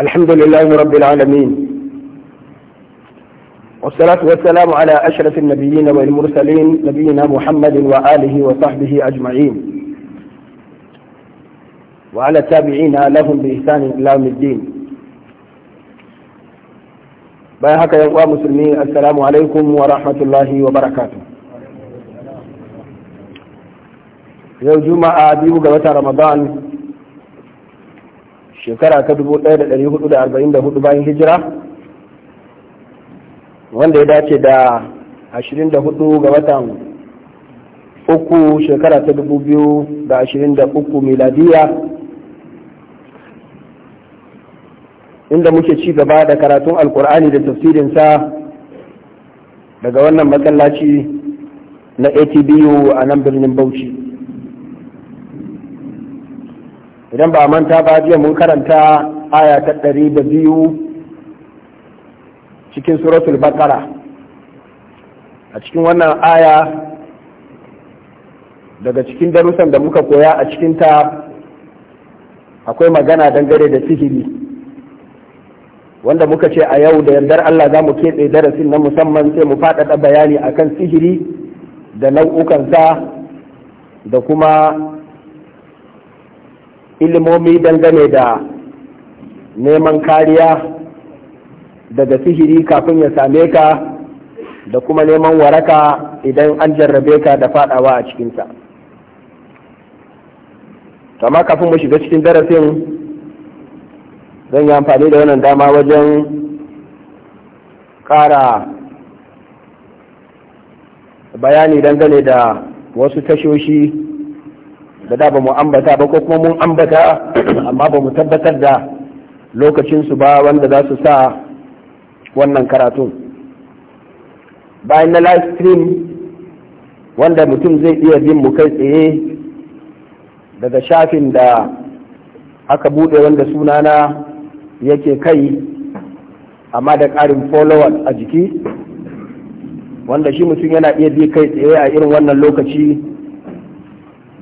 الحمد لله رب العالمين والصلاة والسلام على أشرف النبيين والمرسلين نبينا محمد وآله وصحبه أجمعين وعلى التابعين لهم بإحسان إلى يوم الدين bayan يا مسلمين السلام عليكم ورحمة الله وبركاته rahmatullahi wa barakatu yau juma'a shekara ta 1444 bayan hijira wanda ya dace da 24 ga watan uku shekara ta 2023 miladiya inda muke ci gaba da karatun alkur'ani da tafsirinsa daga wannan matsalaci na atbu a nan birnin bauchi idan ba manta ba jiya mun karanta aya ta ɗari da biyu cikin suratul bakara a cikin wannan aya daga cikin darussan da muka koya a cikin ta akwai magana dangare da sihiri wanda muka ce a yau da yardar Allah za mu keɓe darasin na musamman sai mu faɗaɗa bayani akan sihiri da nau'ukansa da kuma ilimomi dangane da neman kariya daga sihiri kafin ya same ka da kuma neman waraka idan an jarrabe ka da fadawa a cikinsa kama kafin mu shiga cikin darasin zan yi amfani da wannan dama wajen kara bayani dangane da wasu tashoshi da da ba mu ambata ba ko kuma mun ambata amma ba mu tabbatar da lokacin su ba wanda za su sa wannan karatun bayan na live stream wanda mutum zai iya bin mu kai tsaye daga shafin da aka bude wanda sunana yake kai amma da karin followers a jiki wanda shi mutum yana iya bi kai tsaye a irin wannan lokaci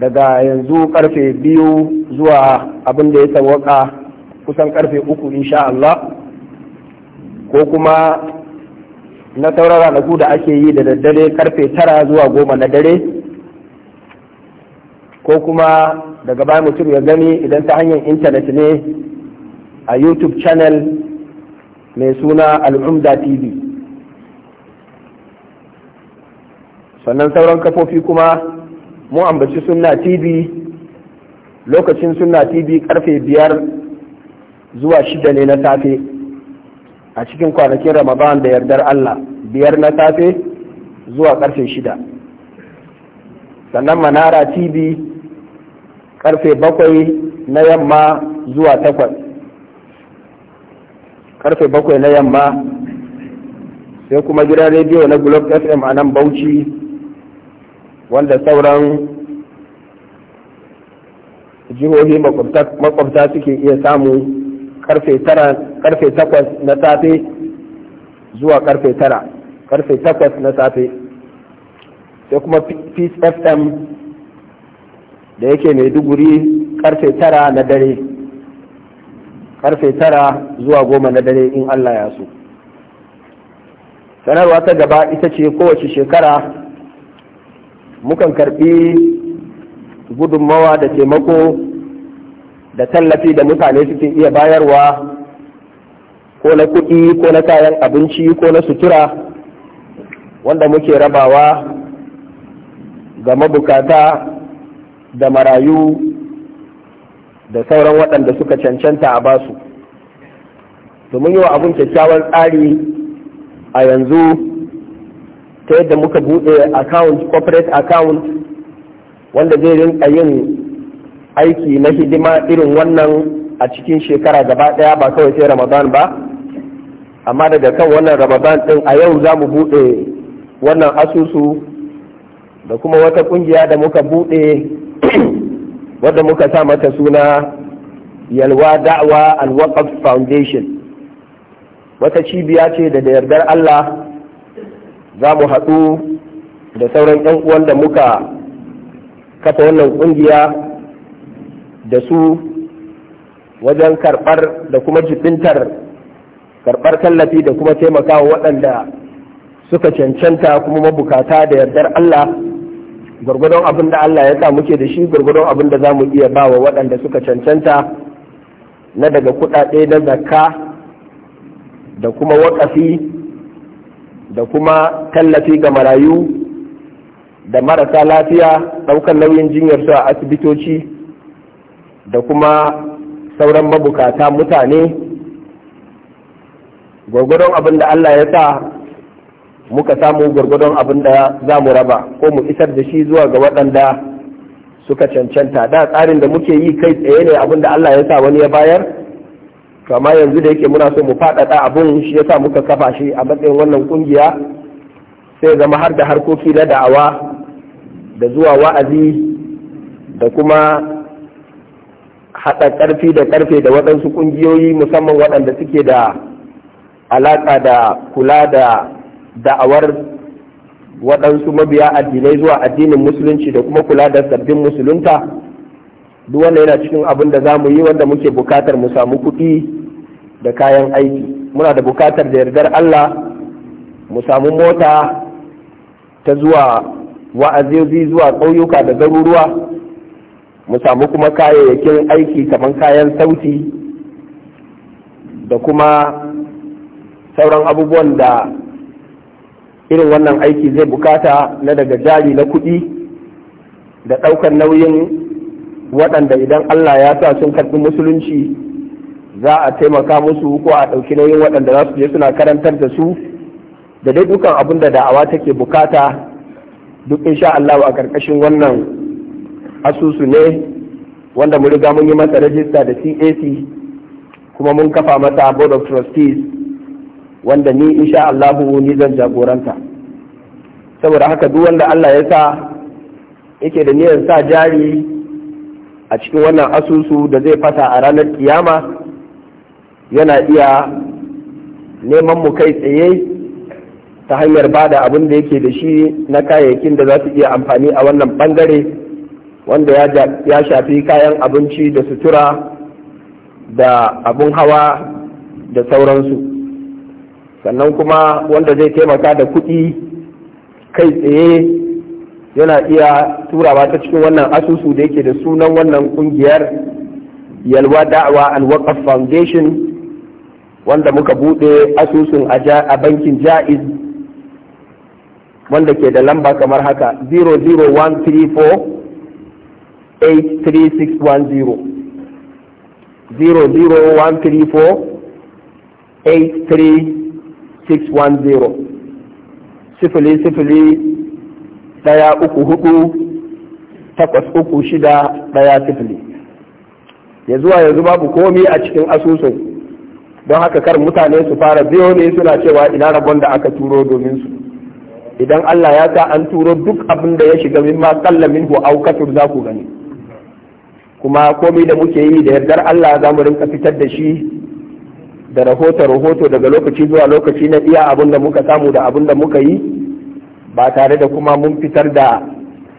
daga yanzu karfe biyu zuwa abin da ya tawaka kusan karfe uku insha Allah ko kuma na taurara ranaku da ake yi da daddare karfe tara zuwa goma na dare ko kuma daga bayan mutum ya gani idan ta hanyar intanet ne a youtube channel mai suna al'umda tv sannan sauran kafofi kuma mu ambaci sunna tv lokacin sunna tv karfe biyar zuwa shida ne na safe a cikin kwanakin ramadan da yardar allah biyar na safe zuwa karfe shida sannan manara tv karfe bakwai na yamma zuwa takwas karfe bakwai na yamma sai kuma gidan rediyo na globe fm a nan bauchi wanda sauran jihohi makwabta suke iya samu karfe takwas na safe zuwa karfe tara karfe takwas na safe sai kuma peace fm da yake mai duguri karfe tara na dare karfe tara zuwa goma na dare in allah ya so sanarwa ta gaba ita ce kowace shekara mukan karbi gudunmawa da taimako da tallafi da mutane suke iya bayarwa ko na kuɗi ko na kayan abinci ko na sutura wanda muke rabawa ga mabukata da marayu da sauran waɗanda suka cancanta a basu domin yi wa abin kyakkyawan tsari a yanzu ta yadda muka buɗe account corporate account wanda zai rinka yin aiki na hidima irin wannan a cikin shekara gaba ɗaya ba kawai sai ramadan ba amma daga kan wannan ramadan ɗin a yau za mu buɗe wannan asusu da kuma wata ƙungiya da muka buɗe wadda muka sa mata suna yalwa da'wa al foundation wata cibiya ce da da yardar allah za mu haɗu da sauran 'yan uwan da muka kafa wannan ƙungiya da su wajen karɓar da kuma jibintar karɓar tallafi da kuma taimakawa waɗanda suka cancanta kuma mabukata da yardar Allah gwargwadon abin da Allah ya sa muke da shi gwargwadon abin da za mu iya ba wa waɗanda suka cancanta na daga kuɗaɗe na zakka da kuma waƙafi da kuma tallafi ga marayu da marasa lafiya ɗaukar nauyin jinyarsu a asibitoci da kuma sauran mabukata mutane gwargwadon abin da Allah ya sa muka samu gwargwadon abin da za mu raba ko mu isar da shi zuwa ga waɗanda suka cancanta da tsarin da muke yi kai tsaye ne abin da Allah ya sa wani ya bayar kama yanzu da yake muna so mu faɗaɗa abun shi yasa muka kafa shi a matsayin wannan kungiya sai zama har da harkoki na da'awa da zuwa wa'azi da kuma hada karfi da karfe da waɗansu kungiyoyi musamman waɗanda suke da alaƙa da kula da da'awar waɗansu mabiya addinai zuwa addinin musulunci da kuma kula da sabbin musulunta duk wanda yana cikin abin da za mu yi wanda muke bukatar mu samu kuɗi da kayan aiki muna da bukatar da yardar Allah mu samu mota ta zuwa wa'azizi zuwa ƙauyuka da garuruwa mu samu kuma kayayyakin aiki kamar kayan sauti da kuma sauran abubuwan da irin wannan aiki zai bukata na daga jari na kuɗi da ɗaukar nauyin waɗanda idan Allah ya sa sun karɓi musulunci za a taimaka musu ko a ɗauki nauyin waɗanda za su je suna karantar da su da dai dukan abin da da'awa take bukata duk insha Allah a ƙarƙashin wannan asusu ne wanda mu riga mun yi masa rajista da CAC kuma mun kafa masa board of trustees wanda ni insha Allah ni zan jagoranta saboda haka duk wanda Allah ya sa yake da niyyar sa jari a cikin wannan asusu da zai fasa a ranar kiyama yana iya neman mu kai tsaye ta hanyar bada abin da yake da shi na kayayyakin da za su iya amfani a wannan bangare wanda ya shafi kayan abinci da sutura da abun hawa da sauransu sannan kuma wanda zai taimaka da kuɗi kai tsaye yana iya turawa ta cikin wannan asusu da yake da sunan wannan kungiyar yalwa da'awa al-waqaf foundation wanda muka bude asusun a bankin ja'iz wanda ke da lamba kamar haka 00134 83610 00134 83610 ɗaya uku hudu takwas uku shida ɗaya sifili ya zuwa yanzu babu komi a cikin asusun don haka kar mutane su fara biyo ne suna cewa ina rabon da aka turo domin su idan Allah ya sa an turo duk abin da ya shiga min ma kalla min au za ku gani kuma komi da muke yi da yardar Allah za mu rinka fitar da shi da rahoto rahoto daga lokaci zuwa lokaci na iya abin da muka samu da abin da muka yi ba tare da kuma mun fitar da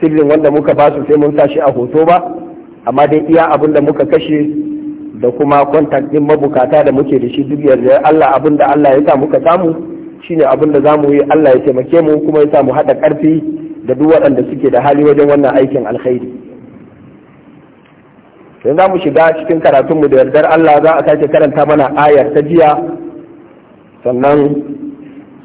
sirrin wanda muka ba su sai mun tashi a hoto ba amma dai iya abin da muka kashe da kuma kwantak ɗin mabukata da muke da shi duk yarda Allah abin da Allah ya sa muka samu shine abin da zamu yi Allah ya taimake mu kuma ya sa mu haɗa karfi da duk waɗanda suke da hali wajen wannan aikin alkhairi yanzu za mu shiga cikin karatunmu da yardar Allah za a sake karanta mana ayar ta jiya sannan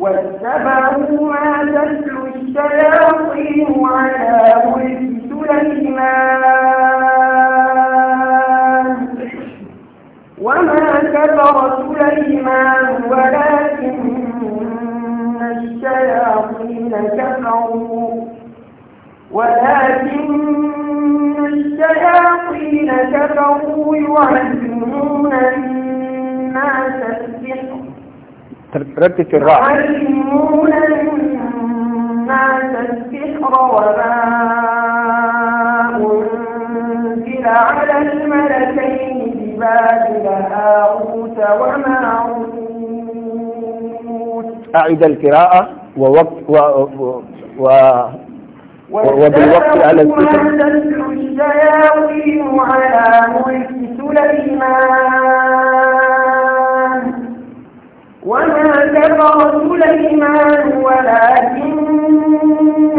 واتبعوا ما تتلو الشياطين على ملك سليمان وما كفر سليمان ولكن الشياطين كفروا ولكن الشياطين كفروا يعلمون الناس السحر ركز الراء يعلمون الناس السحر وما أنزل على الملكين ببابل هاروت وماروت أعد القراءة ووقت و... و... و... وبالوقت على السحر على ملك سليمان وما كفر سليمان ولكن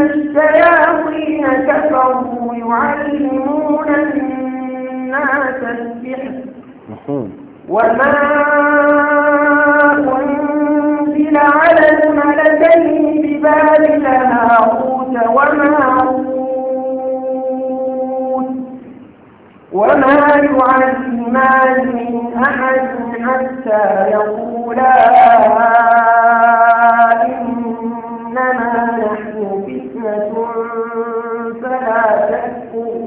الشياطين كفروا يعلمون الناس السحر وما أنزل على الملكين ببابل هاروت وماروت وما يعلمان من أحد حتى يقولا إنما نحن فتنة فلا تكفر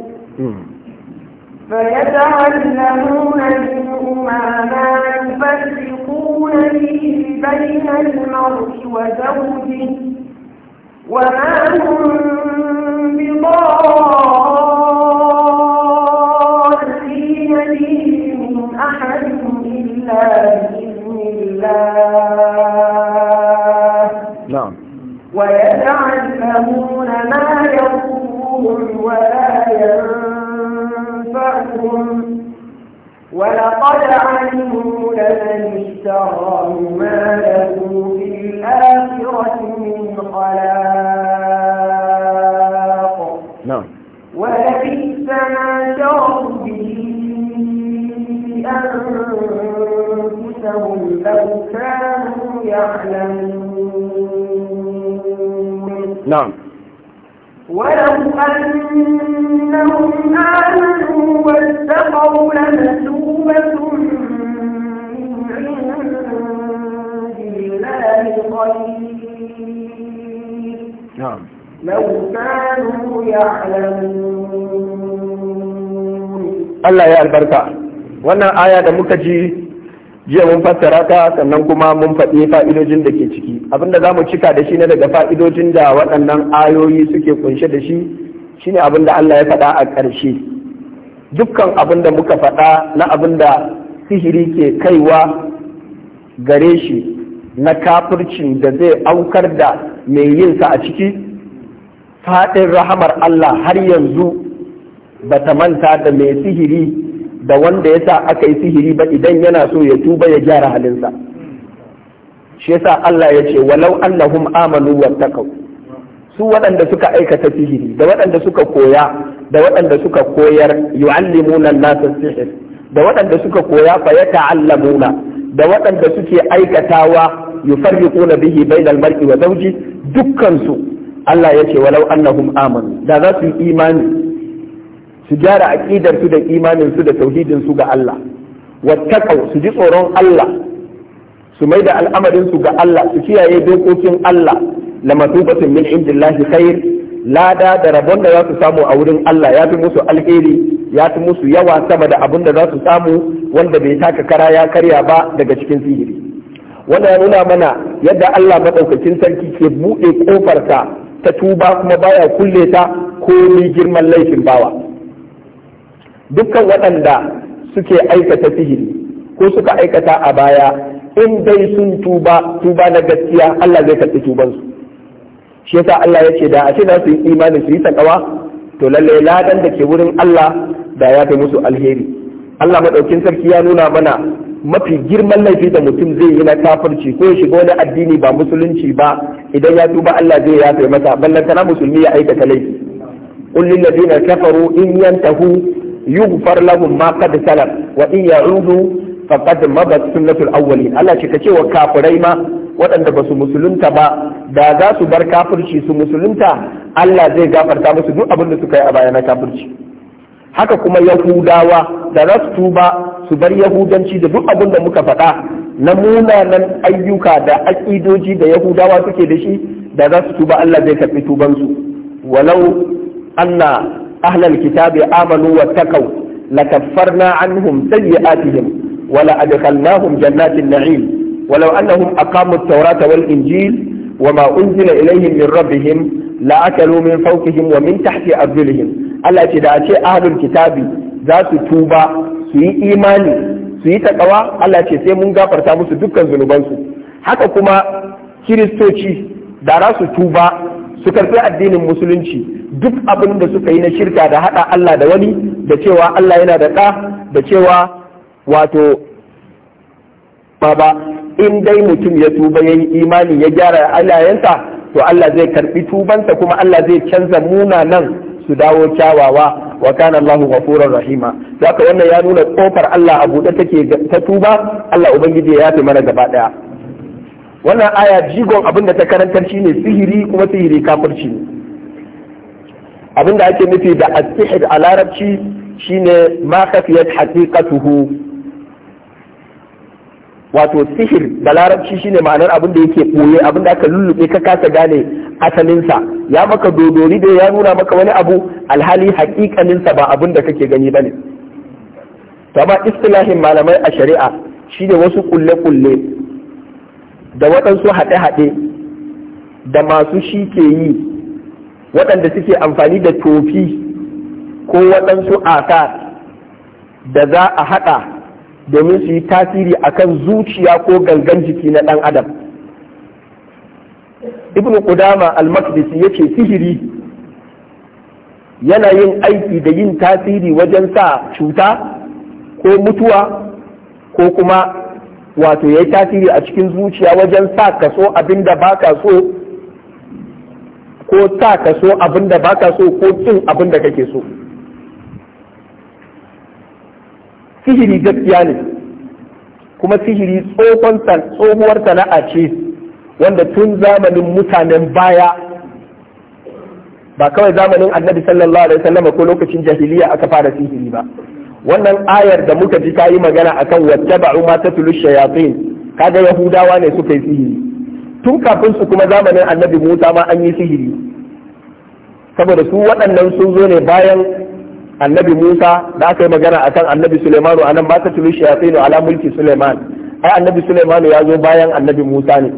فيتعلمون منهما ما يفرقون به بين المرء وزوجه وما هم بضار إلا بإذن الله نعم ويتعلمون ما يقولون ولا ينفعهم ولقد علموا لمن اشتراه ما له في الآخرة من خلاق لو كانوا يعلمون نعم ولو أنهم آمنوا واتقوا لمثوبة من عند الله خير نعم لو كانوا يعلمون الله يا البركة wannan aya da muka ji jiya mun fassara ta sannan kuma mun faɗi fa'idojin da ke ciki abinda za mu cika da shi ne daga fa'idojin da waɗannan ayoyi suke kunshe da shi shine abin da Allah ya faɗa a ƙarshe dukkan abin da muka faɗa na abin da sihiri ke kaiwa gare shi na kafircin da zai aukar da mai yin sa a ciki faɗin rahamar Allah har yanzu ba ta manta da mai sihiri da wanda ya sa aka yi sihiri ba idan yana so ya tuba ya gyara halinsa shi yasa Allah ya ce walau annahum amanu wattaqau su waɗanda suka aikata sihiri da waɗanda suka koya da waɗanda suka koyar yu'allimuna an-nasa sihir da waɗanda suka koya fa yata'allamuna da waɗanda suke aikatawa yufarriquna bihi bainal mar'i wa zawji dukkan su Allah ya ce walau annahum amanu da za su yi imani su gyara aqidar su da imanin su da tauhidin su ga Allah wattaqau su ji tsoron Allah su mai da al'amarin su ga Allah su kiyaye dokokin Allah matubatin min indillahi khair lada da rabon da za su samu a wurin Allah ya fi musu alheri ya fi musu yawa sama da abin da za su samu wanda bai taka kara ya karya ba daga cikin sihiri wanda ya nuna mana yadda Allah madaukakin sarki ke buɗe ƙofarsa ta tuba kuma baya kulle ta ko ni girman laifin bawa dukkan waɗanda suke aikata sihiri ko suka aikata a baya in dai sun tuba tuba na gaskiya Allah zai karɓi tubansu shi yasa Allah ya ce da a ce na su yi imani su yi sakawa to lallai ladan da ke wurin Allah da ya fi musu alheri Allah maɗaukin sarki ya nuna mana mafi girman laifi da mutum zai yi na kafirci ko ya shiga wani addini ba musulunci ba idan ya tuba Allah zai yafe masa ballan kana musulmi ya aikata laifi qul lil ladina kafaru in tahu. yughfar lahum ma qad salaf wa in ya'udu faqad mabat sunnatul awwalin Allah ce kace wa kafirai ma waɗanda ba su musulunta ba da za su bar kafirci su musulunta Allah zai gafarta musu duk abin da suka yi a baya na kafirci haka kuma yahudawa da za su tuba su bar yahudanci da duk abin da muka faɗa na munanan ayyuka da aƙidoji da yahudawa suke da shi da za su tuba Allah zai karɓi tubansu walau anna ahlal kitabi amanu wa takaw lakaffarna anhum sayyi'atihim wa la adkhalnahum jannatin na'im walau annahum aqamu at-taurata wal injil وما أنزل إليهم من ربهم لأكلوا من فوقهم ومن تحت أرجلهم Allah ce da a ce ahlul kitabi za su tuba su yi imani su yi takawa Allah ce sai mun gafarta musu dukkan zunubansu haka kuma kiristoci da su tuba su karɓi addinin musulunci duk abin da suka yi na shirka da haɗa Allah da wani da cewa Allah yana da ɗa da cewa wato baba in dai mutum ya tuba ya yi imani ya gyara alayensa to Allah zai karɓi tubansa kuma Allah zai canza munanan su dawo kyawawa wa kana Allahu ghafurur rahima zaka wannan ya nuna kofar Allah a buɗe take ta tuba Allah ubangiji ya yafe mana gaba ɗaya wannan aya jigon abin da ta karantar shine sihiri kuma sihiri kafirci ne abin da ake nufi da asihir a larabci shine ma kafiyat haqiqatuhu wato sihir da larabci shine ma'anar abin da yake koye abin da aka lullube ka kasa gane asalinsa ya maka dodori da ya nuna maka wani abu alhali haƙiƙaninsa ba abin da kake gani bane to amma istilahin malamai a shari'a shine wasu kulle-kulle da waɗansu haɗe-haɗe da masu shi ke yi waɗanda suke amfani da tofi ko waɗansu aka da za a haɗa domin su yi tasiri kan zuciya ko gangan jiki na ɗan adam ibn Kudama al-makdisi ya ce sihiri yana yin aiki da yin tasiri wajen sa cuta ko mutuwa ko kuma wato ya yi tasiri a cikin zuciya wajen sa ka so abin da ba ka so ko sa ka so abin da ba ka so ko kin abin da kake so sihiri gaskiya ne kuma sihiri tsohuwar sana'a ce wanda tun zamanin mutanen baya ba kawai zamanin annabi sallallahu alaihi wasallam ko lokacin jahiliya aka fara sihiri ba wannan ayar da muka ji ta yi magana a kan akan wattaba'u ma tatlu shayatin kaga yahudawa ne suka yi sihiri tun kafin su kuma zamanin annabi Musa ma an yi sihiri saboda su waɗannan sun zo ne bayan annabi Musa da aka yi magana kan annabi Suleiman anan ma tatlu shayafin ala mulki Suleiman ai annabi sulemanu ya zo bayan annabi Musa ne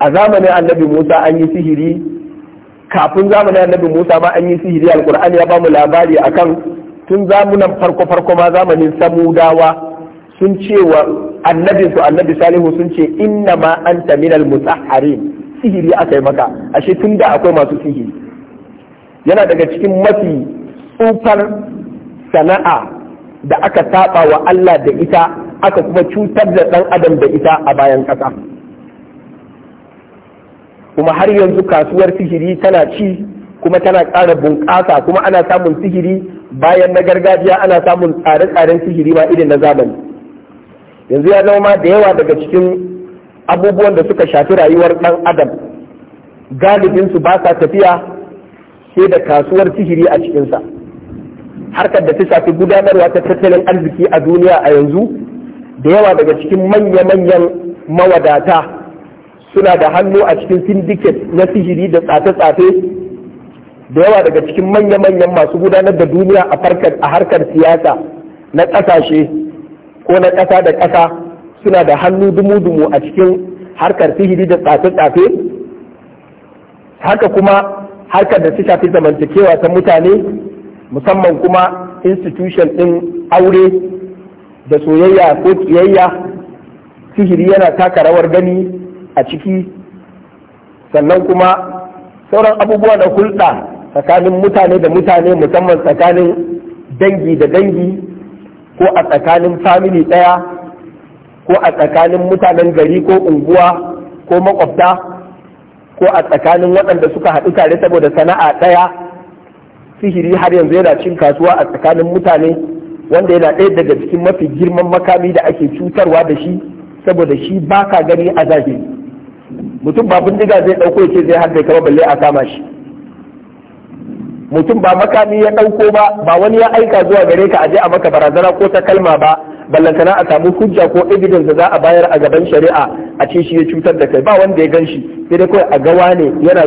a zamanin annabi Musa an yi sihiri kafin zamanin annabi Musa ma an yi sihiri alkur'ani ya ba mu labari akan tun zamunan farko farko ma zamanin samudawa sun ce wa annabin annabi salihu sun ce inna ma anta minal mutahharin sihiri aka yi maka ashe tun da akwai masu sihiri yana daga cikin mafi tsufar sana'a da aka saba wa Allah da ita aka kuma cutar da ɗan adam da ita a bayan ƙasa kuma har yanzu kasuwar sihiri tana ci kuma tana ƙara bunƙasa kuma ana samun sihiri bayan na gargajiya ana samun tsare-tsaren sihiri ma irin na zamani yanzu ya zama da yawa daga cikin abubuwan da suka shafi rayuwar ɗan adam galibinsu ba sa tafiya sai da kasuwar sihiri a cikinsa harkar da ta shafi gudanarwa ta tattalin arziki a duniya a yanzu da yawa daga cikin manya-manyan mawadata suna da hannu a cikin syndicate na sihiri da tsafe-tsafe da yawa daga cikin manya-manyan masu gudanar da duniya a harkar siyasa na ƙasashe ko na ƙasa da ƙasa suna da hannu dumu-dumu a cikin harkar sihiri da tsafe-tsafe haka kuma harkar da su shafi zamantakewa ta mutane musamman kuma institution ɗin aure da soyayya ko kiyayya sihiri yana taka rawar gani a ciki sannan kuma sauran abubuwa da hulɗa tsakanin mutane da mutane musamman tsakanin dangi da dangi ko a tsakanin famili ɗaya ko a tsakanin mutanen gari ko unguwa ko makwabta ko a tsakanin waɗanda suka haɗu tare saboda sana'a ɗaya sihiri har yanzu yana cin kasuwa a tsakanin mutane wanda yana ɗaya daga cikin mafi girman makami da ake cutarwa da shi saboda shi ba ka gani a zahiri mutum ba bindiga zai ɗauko ya ce zai haɗa kama balle a kama shi mutum ba makami ya ɗauko ba ba wani ya aika zuwa gare ka aje a maka barazana ko ta kalma ba ballantana a samu hujja ko evidence da za a bayar a gaban shari'a a ce shi ya cutar da kai ba wanda ya ganshi sai dai kawai a gawa ne yana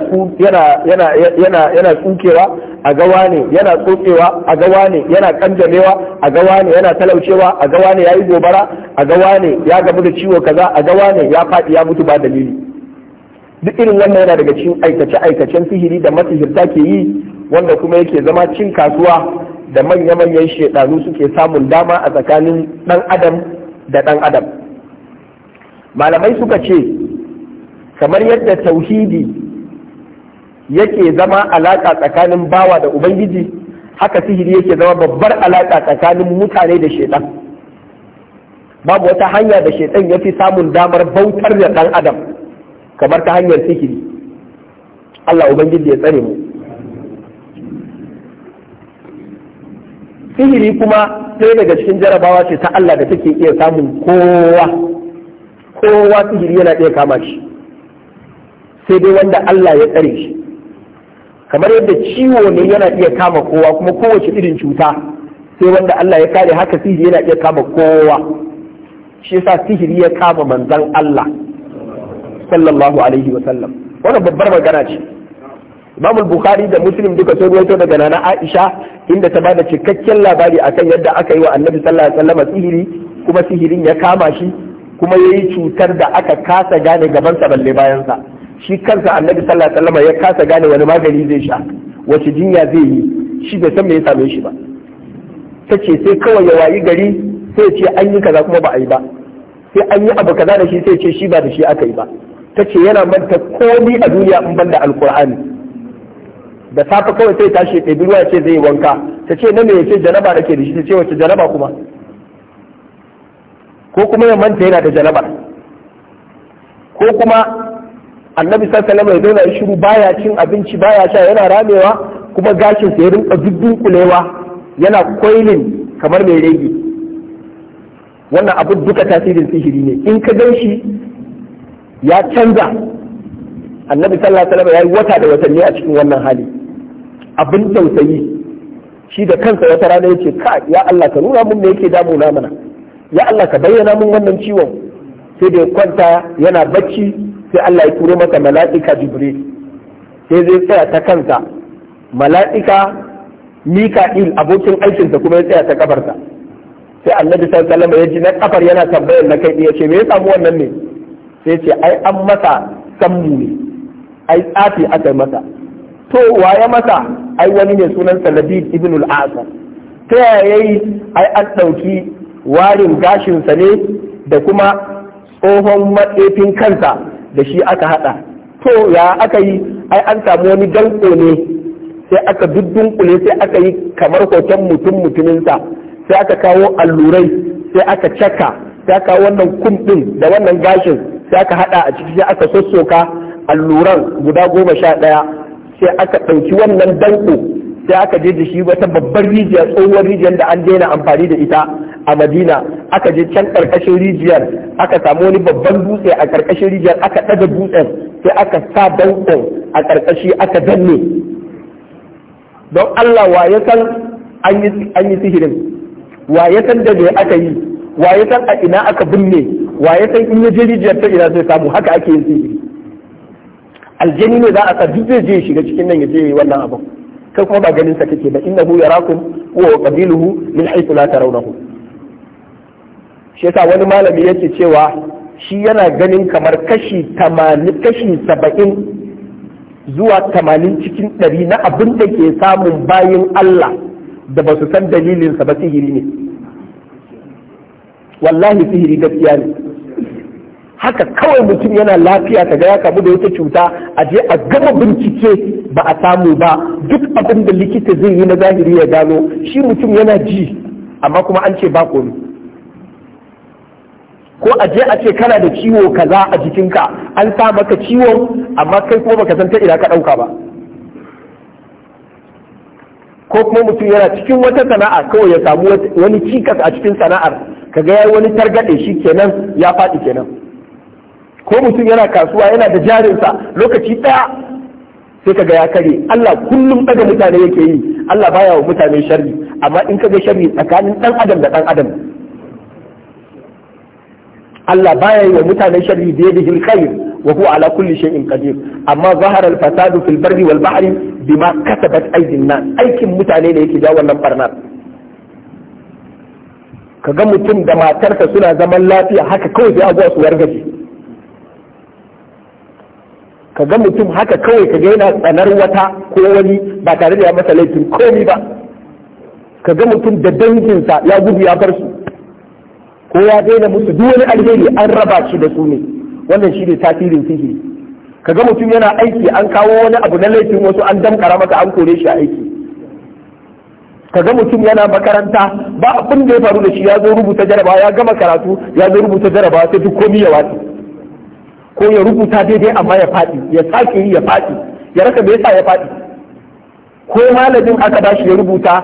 yana yana yana tsukewa a gawa ne yana tsotsewa a gawa ne yana kanjamewa a gawa ne yana talaucewa a gawa ne yayi gobara a gawa ne ya gamu da ciwo kaza a gawa ne ya faɗi ya mutu ba dalili duk irin wannan yana daga cikin aikace aikacen sihiri da masihirta ke yi wanda kuma yake zama cin kasuwa da manya-manyan shekaru suke samun dama a tsakanin ɗan adam da ɗan adam malamai suka ce kamar yadda tauhidi yake zama alaƙa tsakanin bawa da ubangiji haka sihiri yake zama babbar alaƙa tsakanin mutane da shedan babu wata hanya da shedan ya fi samun damar bautar da ɗan adam kamar ta hanyar sihiri Allah Ubangiji ya tsare mu sihiri kuma sai daga cikin jarabawa ce ta Allah da take iya samun kowa kowa sihiri yana iya kama shi sai dai wanda Allah ya tsare shi kamar yadda ciwo ne yana iya kama kowa kuma kowace irin cuta sai wanda Allah ya kare haka sihiri yana iya kama kowa shi yasa sihiri ya kama manzon Allah sallallahu alaihi wa sallam wannan babbar magana ce Imam Bukhari da Muslim duka sun ruwaito daga Nana Aisha inda ta bada cikakken labari akan yadda aka yi wa Annabi sallallahu alaihi wasallam sihiri kuma sihirin ya kama shi kuma yayi cutar da aka kasa gane gaban sa balle bayan sa shi kansa Annabi sallallahu alaihi wasallam ya kasa gane wani magani zai sha wace jinya zai yi shi bai san me ya same shi ba ce sai kawai ya wayi gari sai ce an yi kaza kuma ba a yi ba sai an yi abu kaza da shi sai ce shi ba da shi aka yi ba ce yana manta komai a duniya in banda alkur'ani da safe kawai sai tashi ya ɗebi ce zai wanka ta ce na mai ce janaba da ke da shi ta ce wace janaba kuma ko kuma ya manta yana da janaba ko kuma annabi sallallahu mai wasallam ya shiru baya cin abinci baya sha yana ramewa kuma gashin sa ya rinka kulewa yana kwailin kamar mai rege wannan abin duka tasirin sihiri ne in ka gan shi ya canza annabi sallallahu alaihi wasallam ya yi wata da watanni a cikin wannan hali abin tausayi shi da kansa wata rana ya ce ka ya Allah ka nuna mun me yake damuna mana ya Allah ka bayyana mun wannan ciwon sai da ya kwanta yana bacci sai Allah ya turo masa mala'ika jibril sai zai tsaya ta kansa mala'ika mika'il abokin aikinsa kuma ya tsaya ta kafarsa sai annabi sallallahu alaihi ya ji na kafar yana tambayar na kai ya ce me ya samu wannan ne sai ce ai an masa sammu ne ai tsafi aka yi masa to wa ya masa ai wani ne sunan labid ibn al-asam ta yayi ai an ɗauki warin gashinsa ne da kuma tsohon matsefin kansa da shi aka haɗa to ya aka yi ai an samu wani danko ne sai aka kule sai aka yi kamar hoton mutum mutuminsa sai aka kawo allurai sai aka caka sai aka wannan kum ɗin da wannan gashin sai aka haɗa a ciki sai aka sossoka alluran guda goma sha ɗaya sai aka ɗauki wannan danko sai aka je da shi wata babbar rijiya tsohuwar rijiyar da an daina amfani da ita a madina aka je can ƙarƙashin rijiyar aka samu wani babban dutse a ƙarƙashin rijiyar aka ɗaga dutsen sai aka sa danko a ƙarƙashi aka danne don allah wa ya san an yi sihirin wa ya san da me aka yi wa ya san a ina aka binne wa ya san in ya je rijiyar ta ina zai samu haka ake yin sihiri aljani ne za a sa duk zai je shiga cikin nan ya je yi wannan abu kai kuma ba ganin sa kake ba hu yarakum wa qabiluhu min haythu la tarawnahu shi yasa wani malami yake cewa shi yana ganin kamar kashi 80 kashi 70 zuwa 80 cikin 100 na abin da ke samun bayin Allah da ba su san dalilin sa ba sihiri ne wallahi sihiri gaskiya ne haka kawai mutum yana lafiya kaga ya kamu da wata cuta a je a gama bincike ba a samu ba duk abin da likita zai yi na zahiri ya gano shi mutum yana ji amma kuma an ce ba komi ko a je a ce kana da ciwo kaza a jikinka an sa maka ciwo amma kai kuma baka san ta ina ka ɗauka ba ko kuma mutum yana cikin wata sana'a kawai ya samu wani cikas a cikin sana'ar kaga yayi wani targaɗe shi kenan ya faɗi kenan ko mutum yana kasuwa yana da jarinsa lokaci ɗaya sai ga ya kare Allah kullum daga mutane yake yi Allah baya wa mutane sharri amma in kaga sharri tsakanin ɗan adam da ɗan adam Allah baya yi wa mutane sharri da yadihi alkhair wa huwa ala kulli shay'in qadir amma zahara alfasadu fil barri wal bahri bima kasabat aydin nas aikin mutane ne yake jawo wannan barnar ga mutum da matarsa suna zaman lafiya haka kawai sai abuwa su wargaje ka ga mutum haka kawai ka ga tsanar wata ko wani ba tare da ya masa laifin komi ba ka ga mutum da danginsa ya gudu ya bar su ko ya daina musu duk wani alheri an raba shi da su ne wannan shi ne tasirin sihiri ka ga mutum yana aiki an kawo wani abu na laifin wasu an damkara maka an kore shi a aiki ka ga mutum yana makaranta ba abin da ya faru da shi ya zo rubuta jarabawa ya gama karatu ya zo rubuta jarabawa sai duk komi ya watsi ko ya rubuta daidai amma ya faɗi ya sake yi ya faɗi ya rasa me yasa ya faɗi ko malamin aka ba shi ya rubuta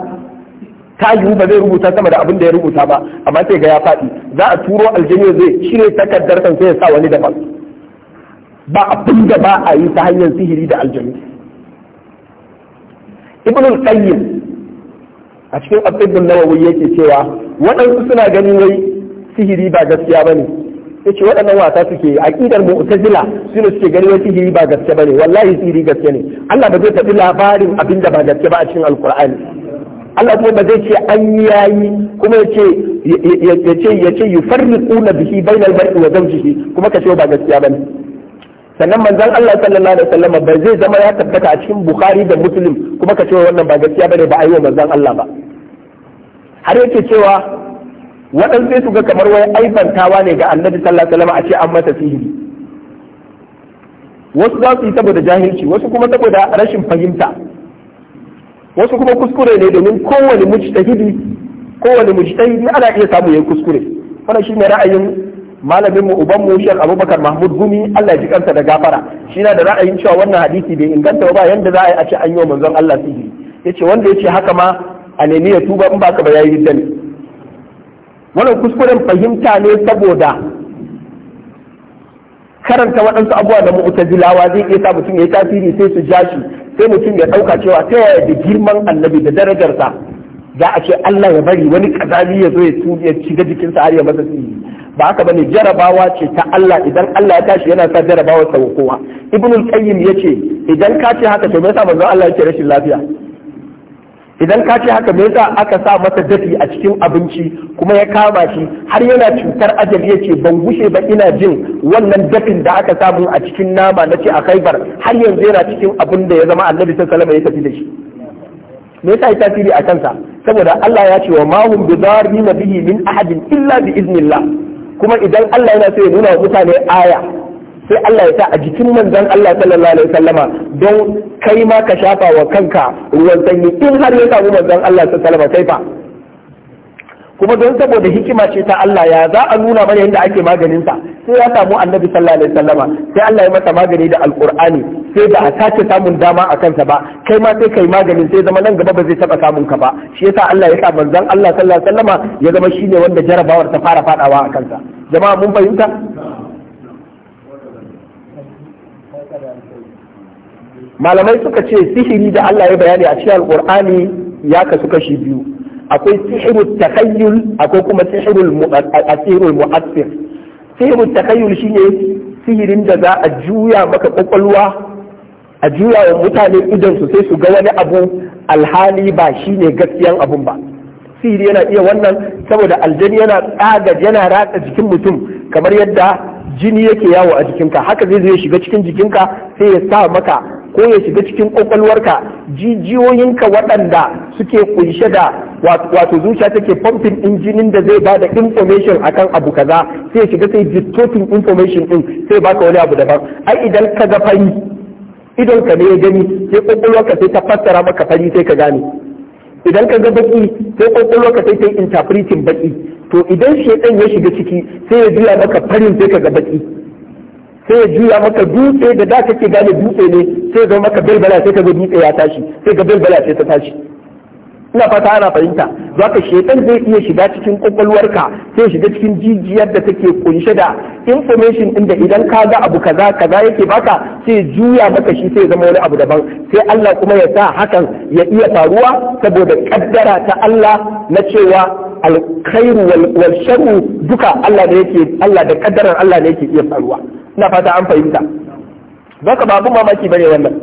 ta ba zai rubuta sama da abin da ya rubuta ba amma sai ga ya faɗi za a turo aljaniyo zai shirya takardar kan sai ya sa wani daban ba abin da ba a yi ta hanyar sihiri da aljanu ibnul qayyim a cikin abdul nawawi yake cewa waɗansu suna ganin wai sihiri ba gaskiya bane yace waɗannan wasa suke aqidar mu'tazila su ne suke wani sihiri ba gaske bane wallahi sihiri gaske ne Allah ba zai tafi labarin abin da ba gaske ba a cikin alqur'ani Allah kuma ba zai ce an yayi kuma yace yace yace yufarriquna bihi bainal mar'i wa zawjihi kuma kace ba gaskiya bane sannan manzon Allah sallallahu alaihi wasallam ba zai zama ya tabbata a cikin Bukhari da Muslim kuma kace wannan ba gaskiya bane ba yi wa manzon Allah ba har yake cewa waɗansu sai su ga kamar wai aibantawa ne ga annabi sallallahu alaihi wasallam a ce an masa sihiri wasu za su yi saboda jahilci wasu kuma saboda rashin fahimta wasu kuma kuskure ne domin kowane mujtahidi kowane mujtahidi ana iya samu yayin kuskure wannan shine ra'ayin malamin mu uban mu Sheikh Abubakar Mahmud Gumi Allah ya ji kansa da gafara shi na da ra'ayin cewa wannan hadisi bai inganta ba yanda za a yi a ce an yi wa manzon Allah sihiri yace wanda ce haka ma a nemi ya tuba in ba ka ba yayi dani wannan kuskuren fahimta ne saboda karanta waɗansu abubuwa da zilawa zai iya sa mutum ya yi tasiri sai su ja shi sai mutum ya ɗauka cewa ta yaya da girman annabi da darajarsa za a ce Allah ya bari wani kazali ya zo ya shiga jikinsa har ya masa tsiri ba haka bane jarabawa ce ta Allah idan Allah ya tashi yana sa jarabawa sa kowa ibnul ya ce, idan ka ce haka to me yasa manzon Allah yake rashin lafiya idan ka ce haka me yasa aka sa masa dafi a cikin abinci kuma ya kama shi har yana cutar ajali yace ban gushe ba ina jin wannan dafin da aka samu a cikin nama na ce a kaibar har yanzu yana cikin abin da ya zama annabi sallallahu alaihi wasallam ya tafi da shi me yasa ya tasiri a kansa saboda Allah ya ce wa mahun hum bidarrina bihi min ahadin illa bi iznillah kuma idan Allah yana so ya nuna wa mutane aya sai Allah ya sa a jikin manzon Allah sallallahu alaihi wasallama don kai ma ka shafa wa kanka ruwan sanyi in har ya samu manzon Allah sallallahu alaihi wasallama kuma don saboda hikima ce ta Allah ya za a nuna mana yadda ake maganin sa sai ya samu annabi sallallahu alaihi wasallama sai Allah ya masa magani da alqur'ani sai ba a sake samun dama a kansa ba kai ma sai kai maganin sai zama nan gaba ba zai taba samun ka ba shi yasa Allah ya sa manzon Allah sallallahu alaihi wasallama ya zama shine wanda jarabawar ta fara fadawa a kansa jama'a mun fahimta malamai suka ce sihiri da Allah ya bayani a cikin alqur'ani ya kasu kashi biyu akwai sihiru takhayyul akwai kuma sihirul asirul mu'assir sihiru takhayyul shine sihirin da za a juya maka kwakwalwa a juya wa mutane idan su sai su ga wani abu alhali ba shine gaskiyan abun ba sihiri yana iya wannan saboda aljani yana tsaga yana ratsa jikin mutum kamar yadda jini yake yawo a jikinka haka zai zo ya shiga cikin jikinka sai ya sa maka ko ya shiga cikin kwakwalwarka jijiyoyinka waɗanda suke kunshe da wato zuciya take pumping ɗin jinin da zai bada information akan abu kaza sai ya shiga sai distorting information ɗin sai baka wani abu daban ai idan ka ga fari idon ka ne ya gani sai kwakwalwarka sai ta fassara maka fari sai ka gane idan ka ga baki sai kwakwalwarka sai ta interpreting baki to idan ɗan ya shiga ciki sai ya juya maka farin sai ka ga baki sai ya juya maka dutse da da kake gane dutse ne sai zo maka balbala sai ka zo dutse ya tashi sai ga balbala sai ta tashi ina fata ana fahimta za ka shedan zai iya shiga cikin kwakwalwarka sai shiga cikin jijiyar da take kunshe da information inda idan ka ga abu kaza kaza yake baka sai juya maka shi sai zama wani abu daban sai Allah kuma ya sa hakan ya iya faruwa saboda kaddara ta Allah na cewa alkhairu wal sharru duka Allah da yake Allah da kaddaran Allah da yake iya faruwa ina fata an fahimta baka ba abun mamaki bane wannan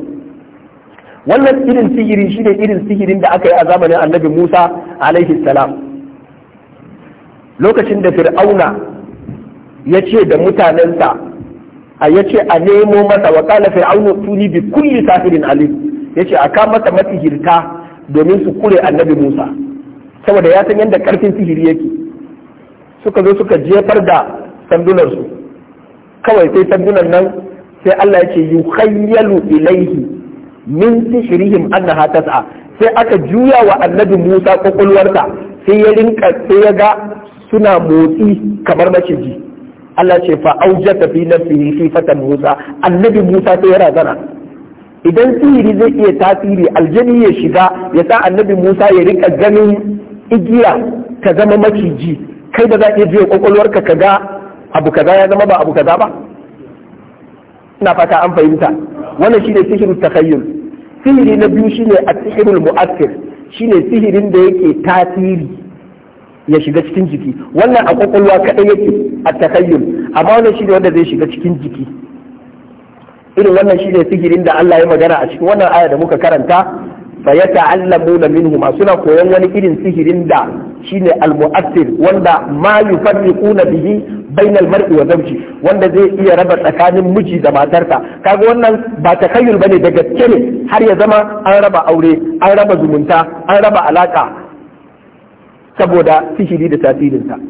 wannan irin sihiri shine irin sihirin da aka yi a zamanin Annabi Musa alaihi salam lokacin da Fir'auna ya ce da mutanensa a ya ce a nemo masa wa kala fir'aunu tuni bi kulli sahirin alim ya ce a masa masihirta domin su kure annabi Musa saboda ya san yadda karfin sihiri yake suka zo suka jefar da sandunarsu kawai sai sandunan nan sai Allah ya ce yukhayyalu ilaihi min sihrihim ha tas'a sai aka juya wa annabi Musa kokolwarsa sai ya rinka sai ya ga suna motsi kamar maciji Allah ce fa aujata fi nafsihi sifatan Musa annabi Musa sai ya razana idan sihiri zai iya tasiri aljani ya shiga ya sa annabi Musa ya rika ganin igiya ta zama maciji kai da za iya jiya kwakwalwarka ka ga abu kaza ya zama ba abu kaza ba ina fata an fahimta wannan shine sihirin takhayyul sihiri na biyu shine at-sihirul mu'assir shine sihirin da yake tasiri ya shiga cikin jiki wannan a kwakwalwa kadai yake at-takhayyul amma wannan shine wanda zai shiga cikin jiki irin wannan shine sihirin da Allah ya magana a cikin wannan aya da muka karanta fa ya minhu minhuma suna koyon wani irin sihirin da shine almu'assir wanda ma yufarriquna bihi bainal mar'i wa zawji wanda zai iya raba tsakanin miji da matarsa kaga wannan ba takayyul bane da gaske ne har ya zama an raba aure an raba zumunta an raba alaka saboda sihiri da tasirinsa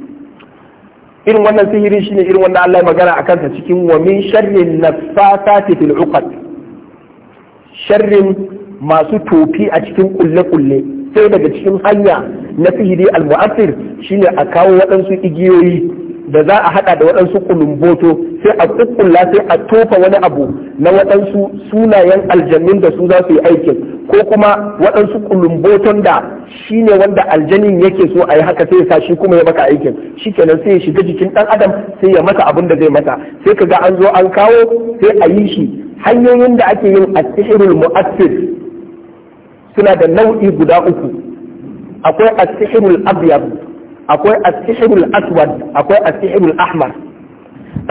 irin wannan sihirin shine irin wannan Allah ya magana akan sa cikin wa min sharrin nafasati fil uqad sharrin masu tofi a cikin kulle-kulle sai daga cikin hanya na sihiri al-mu'assir shine a kawo waɗansu igiyoyi da za a haɗa da waɗansu kulumboto sai a kukkulla sai a tofa wani abu na waɗansu sunayen aljannin da su za su yi aikin ko kuma waɗansu kulumboton da shi ne wanda aljanin yake so a yi haka sai ya sa shi kuma ya maka aikin shi kenan sai ya shiga jikin ɗan adam sai ya mata abin da zai mata, sai ka ga an zo an kawo sai a yi shi hanyoyin da ake yin asihirul mu'assir suna da nau'i guda uku akwai as-sihrul abyad akwai as-sihrul aswad akwai as-sihrul ahmar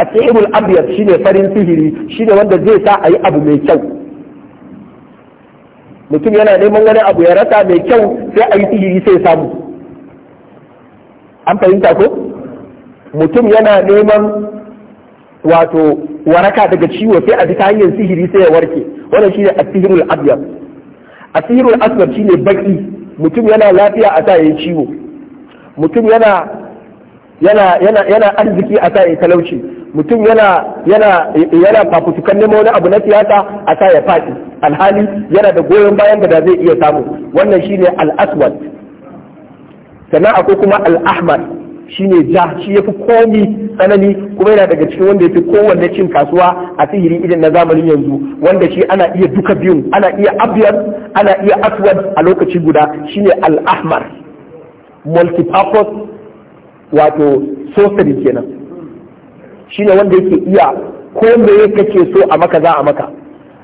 as-sihrul abyad shine farin sihiri shine wanda zai sa ayi abu mai kyau mutum yana neman wani abu ya rasa mai kyau sai ayi sihiri sai samu an fahimta ko mutum yana neman wato waraka daga ciwo sai a bi ta hanyar sihiri sai ya warke wannan shine as-sihrul abyad asirul shi shine baki mutum yana lafiya a sa ciwo mutum yana yana yana yana arziki a sa talauci mutum yana yana yana fafutukan neman wani abu na siyasa a sa ya faɗi alhali yana da goyon bayan da zai iya samu wannan shine al aswad sannan akwai kuma al ahmad Shi ne ja shi ya fi komi tsanani kuma yana daga cikin wanda ya fi kowanne cin kasuwa a sihiri idan na zamanin yanzu wanda shi ana iya duka biyun ana iya abiyar ana iya aswad a lokaci guda shi al al'ahmar multipurpose wato sosari kenan shi ne wanda yake iya ko me kake so a maka za a maka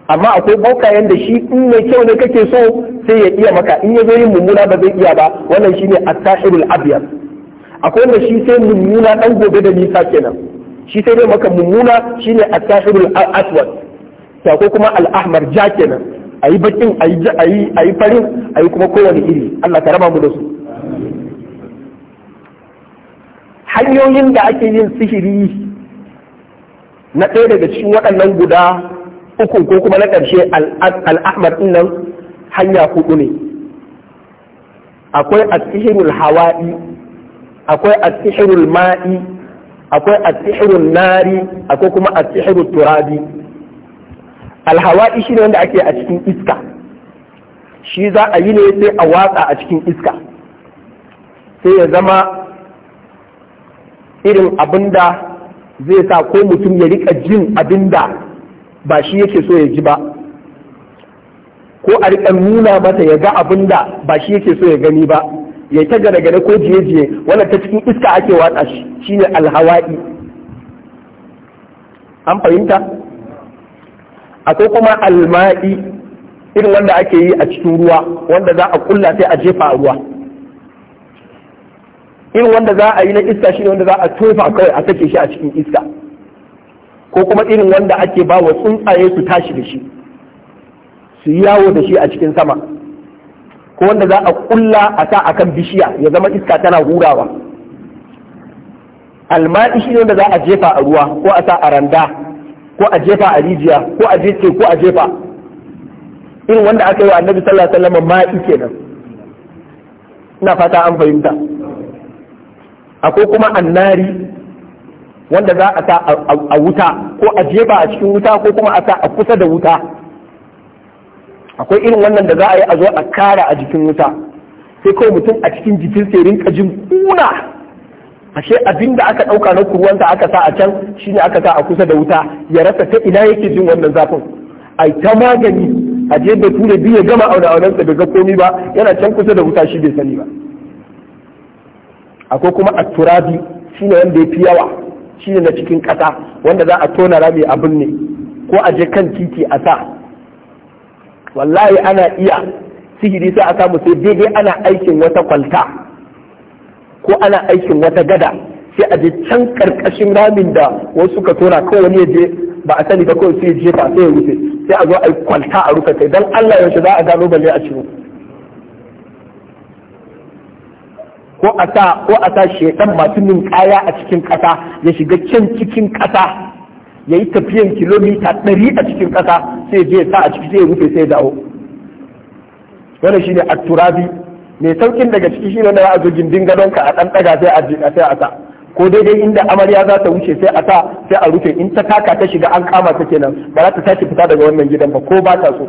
amma akwai bokayen da shi in mai kyau ne kake so sai ya iya maka in ya zo yin mummuna ba zai iya ba wannan shi ne a sahirul abyad akwai wanda shi sai mummuna dan gobe da nisa kenan shi sai dai maka mummuna shine at-tahirul aswad ta ko kuma al-ahmar ja kenan ayi bakin ayi ayi ayi farin ayi kuma kowane iri Allah ka raba mu da su hanyoyin da ake yin sihiri na ɗaya daga cikin waɗannan guda uku ko kuma na ƙarshe al'ahmar nan hanya hudu ne akwai asihirul hawa'i akwai atihirul ma'i akwai atihirul nari akwai kuma atihirul turabi alhawa'i shine wanda ake a cikin iska shi za a yi ne sai a watsa a cikin iska sai ya zama irin abinda zai sa ko mutum ya rika jin abinda da ba shi yake so ya ji ba ko a rika nuna mata ya ga abinda da ba shi yake so ya gani ba ya ta gare-gare ko jiye-jiye wannan ta cikin iska ake watsa shi shine alhawa'i an fahimta akwai kuma alma'i irin wanda ake yi a cikin ruwa wanda za a kulla sai a jefa a ruwa irin wanda za a yi na iska shine wanda za a tofa kawai a sake shi a cikin iska ko kuma irin wanda ake ba wa tsuntsaye su tashi da shi su yi yawo da shi a cikin sama ko wanda za a kulla a sa kan bishiya ya zama iska tana hurawa alma'i shi ne wanda za a jefa a ruwa ko a sa a randa ko a jefa a rijiya ko a jefe ko a jefa irin wanda aka yi wa annabi sallallahu alaihi wasallam ma'i kenan ina fata an fahimta akwai kuma annari wanda za a sa a wuta ko a jefa a cikin wuta ko kuma a sa a kusa da wuta akwai irin wannan da za a yi a zo a kara a jikin wuta sai kawai mutum a cikin jikin sai rinka jin kuna ashe abin da aka ɗauka na kurwanta aka sa a can shine aka sa a kusa da wuta ya rasa ta ina yake jin wannan zafin ai ta magani a je da tura biyu ya gama auna auna sa ga komi ba yana can kusa da wuta shi bai sani ba akwai kuma a turabi shine wanda ya fi yawa shine na cikin kasa wanda za a tona rami abin ne ko a je kan titi a sa wallahi ana iya sihiri sai a samu sai daidai ana aikin wata kwalta ko ana aikin wata gada sai a je can karkashin ramin da wasu suka tona kawai wani ya je ba a sani ba kawai sai jefa sai ya rufe sai a zo a yi kwalta a rufe kai dan Allah yaushe za a gano balle a ciro ko a sa ko a sa shedan masu ninkaya a cikin kasa ya shiga can cikin ƙasa ya yi tafiyan kilomita ɗari a cikin kasa sai je sa a ciki sai rufe sai dawo wannan shine at mai saukin daga ciki shine da za a zo gindin gadon ka a dan daga sai a sai a sa ko daidai inda amarya za ta wuce sai a sa sai a rufe in ta taka ta shiga an kama ta kenan ba za ta tashi fita daga wannan gidan ba ko ba ta so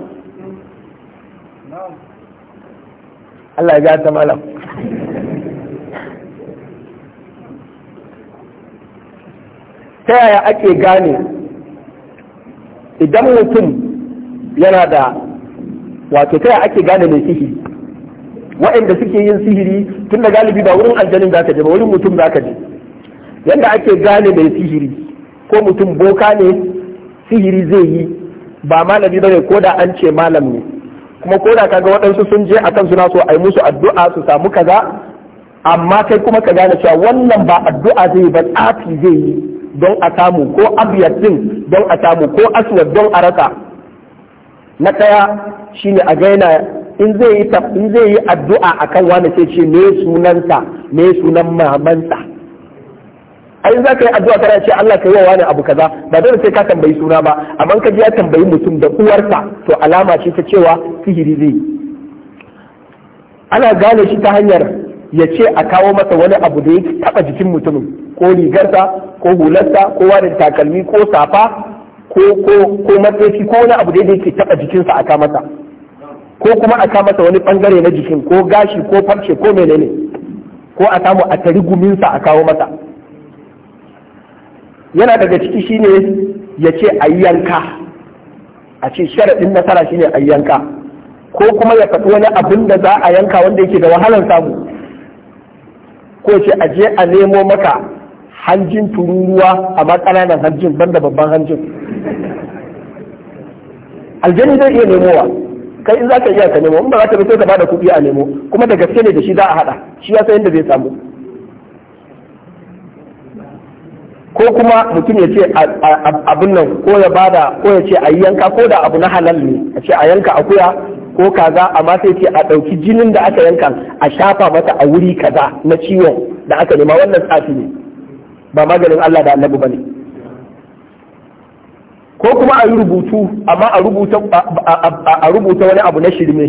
Allah ya gata malam ta yaya ake gane idan mutum yana da wato ta ake gane mai sihiri waɗanda suke yin sihiri tunda galibi ba wurin aljanin za ka je ba wurin mutum za ka je yadda ake gane mai sihiri ko mutum boka ne sihiri zai yi ba malami ne ko da an ce malam ne kuma ko da kaga waɗansu sun je akan suna so a yi musu addu'a su samu kaza amma kai kuma ka gane cewa wannan ba addu'a zai ba tsafi zai yi don a samu ko abiyatin ɗin don a samu ko aswad don a rasa na ɗaya ne a gaina in zai yi addu'a akan wani sai ce me sunansa me sunan mamansa ai za ka yi addu'a kana ce Allah ka yi wa wani abu kaza ba dole sai ka tambayi suna ba amma ka ji ya tambayi mutum da uwarsa to alama ce ta cewa sihiri zai ana gane shi ta hanyar ya ce a kawo masa wani abu da ya taba jikin mutumin ko rigarsa ko hularsa ko wani takalmi ko safa ko ko ko matsayi ko wani abu da yake taba jikinsa aka mata, ko kuma aka mata wani bangare na jikin ko gashi ko farce ko menene ko a samu a tari guminsa a kawo mata, yana daga ciki shine ya ce a yanka a ce sharaɗin nasara shine a ko kuma ya faɗi wani abin da za a yanka wanda yake da wahalar samu ko ce a je a nemo maka hanjin tururuwa amma ƙananan hanjin banda babban hanjin aljani zai iya nemowa kai in za ka iya ka nemo in ba za ka bi sai ka bada kuɗi a nemo kuma da gaske ne da shi za a haɗa shi ya san yadda zai samu ko kuma mutum ya ce abin nan ko ya bada ko ya ce a yi yanka ko da abu na halal ne a ce a yanka akuya ko kaza amma sai ce a ɗauki jinin da aka yanka a shafa mata a wuri kaza na ciwon da aka nema wannan tsafi ne ba maganin Allah da annabi bane ko kuma a yi rubutu amma a rubuta a wani abu na shirme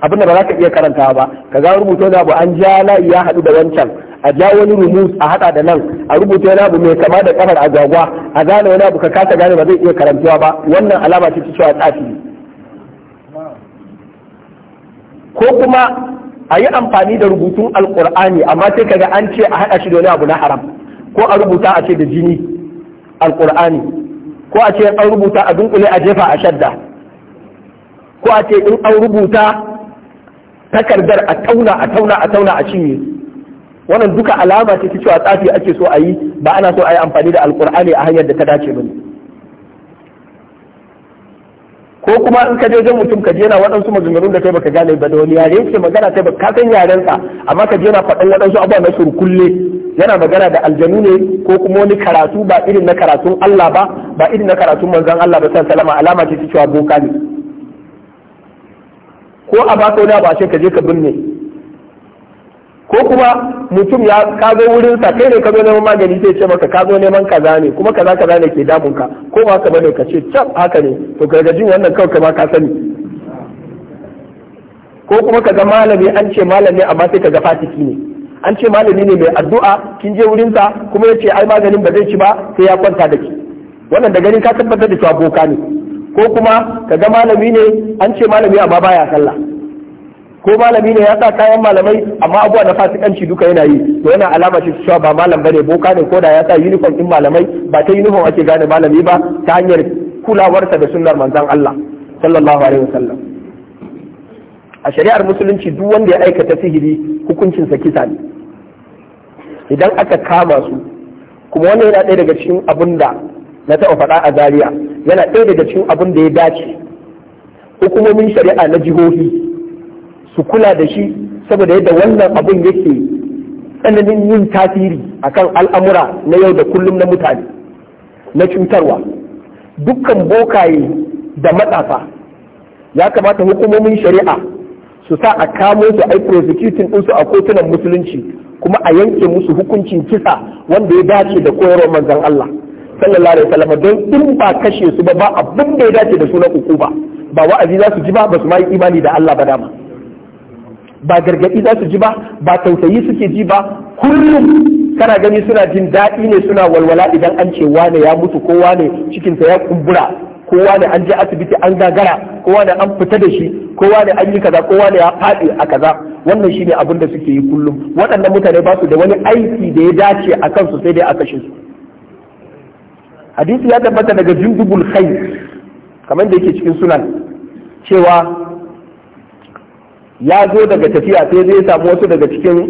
abinda ba za ka iya karanta ba ka ga rubuta wani abu an ja layi ya haɗu da wancan a ja wani rumus a haɗa da nan a rubuta wani abu mai kama da a agwagwa a gane wani abu ka kasa gane ba zai iya karantuwa ba wannan alama ce ta cewa tsafi ko kuma a yi amfani da rubutun alƙur'ani amma sai ka ga an ce a haɗa shi da wani abu na haram ko a rubuta a ce da jini alkur'ani ko a ce an rubuta a dunkule a jefa a shadda ko a ce in an rubuta takardar a tauna a tauna a tauna a cinye wannan duka alama ce ta cewa tsafi ake so a yi ba ana so a yi amfani da alkur'ani a hanyar da ta dace ba ko kuma in ka je zan mutum ka je na waɗansu maganganun da kai baka gane ba da wani yare ce magana kai ba ka san yarensa amma ka je na faɗan waɗansu abubuwa na surkulle yana magana da aljanu ne ko kuma wani karatu ba irin na karatun Allah ba ba irin na karatun manzon Allah ba sallallahu salama alama ce cewa boka ne ko a baka wani ba ka je ka binne ko kuma mutum ya kazo wurin sa kai ne ka zo neman magani sai ce maka ka zo neman kaza ne kuma kaza kaza ne ke damun ka ko ba ka bane ka ce can haka ne to gargajin wannan kawai ma ka sani ko kuma ka ga malami an ce malami amma sai ka ga fatiki ne an ce malami ne mai addu'a kin je wurin sa kuma ya ce ai maganin ba zai ci ba sai ya kwanta da ki wannan da gani ka tabbatar da cewa boka ne ko kuma ka ga malami ne an ce malami amma baya sallah ko malami ne ya sa kayan malamai amma abuwa na fasikanci duka yana yi to yana alama ce cewa ba malam bane boka ne ko da ya sa uniform din malamai ba ta uniform ake gane malami ba ta hanyar kulawarsa da sunnar manzon Allah sallallahu alaihi wasallam a shari'ar musulunci duk wanda ya aikata sihiri hukuncinsa kisa ne idan aka kama su kuma wannan yana ɗaya daga cikin abin da na taɓa faɗa a Zariya, yana ɗaya daga cikin abun da ya dace hukumomin shari'a na jihohi su kula da shi saboda yadda wannan abun yake tsananin yin tasiri akan al'amura na yau da kullum na mutane na cutarwa dukkan bokaye da matsafa ya kamata hukumomin shari'a su sa a kamo su ai prosecuting ɗinsu a kotunan musulunci kuma a yanke musu hukuncin kisa wanda ya dace da koyarwar manzan Allah sallallahu alaihi wasallam don in ba kashe su ba ba abin da ya dace da su uku ba ba wa'azi za su ji ba ba su ma yi imani da Allah ba dama ba gargaɗi za su ji ba ba tausayi suke ji ba kullum kana gani suna jin daɗi ne suna walwala idan an ce wane ya mutu ko wane cikinsa ya kumbura kowa ne an je asibiti an gagara kowa ne an fita da shi kowa ne an yi kaza kowa ne ya faɗi a kaza wannan shine abin da suke yi kullum waɗannan mutane ba su da wani aiki da ya dace a kansu sai dai a kashe su hadisi ya tabbata daga jundubul khair kamar da yake cikin sunan cewa ya zo daga tafiya sai zai samu wasu daga cikin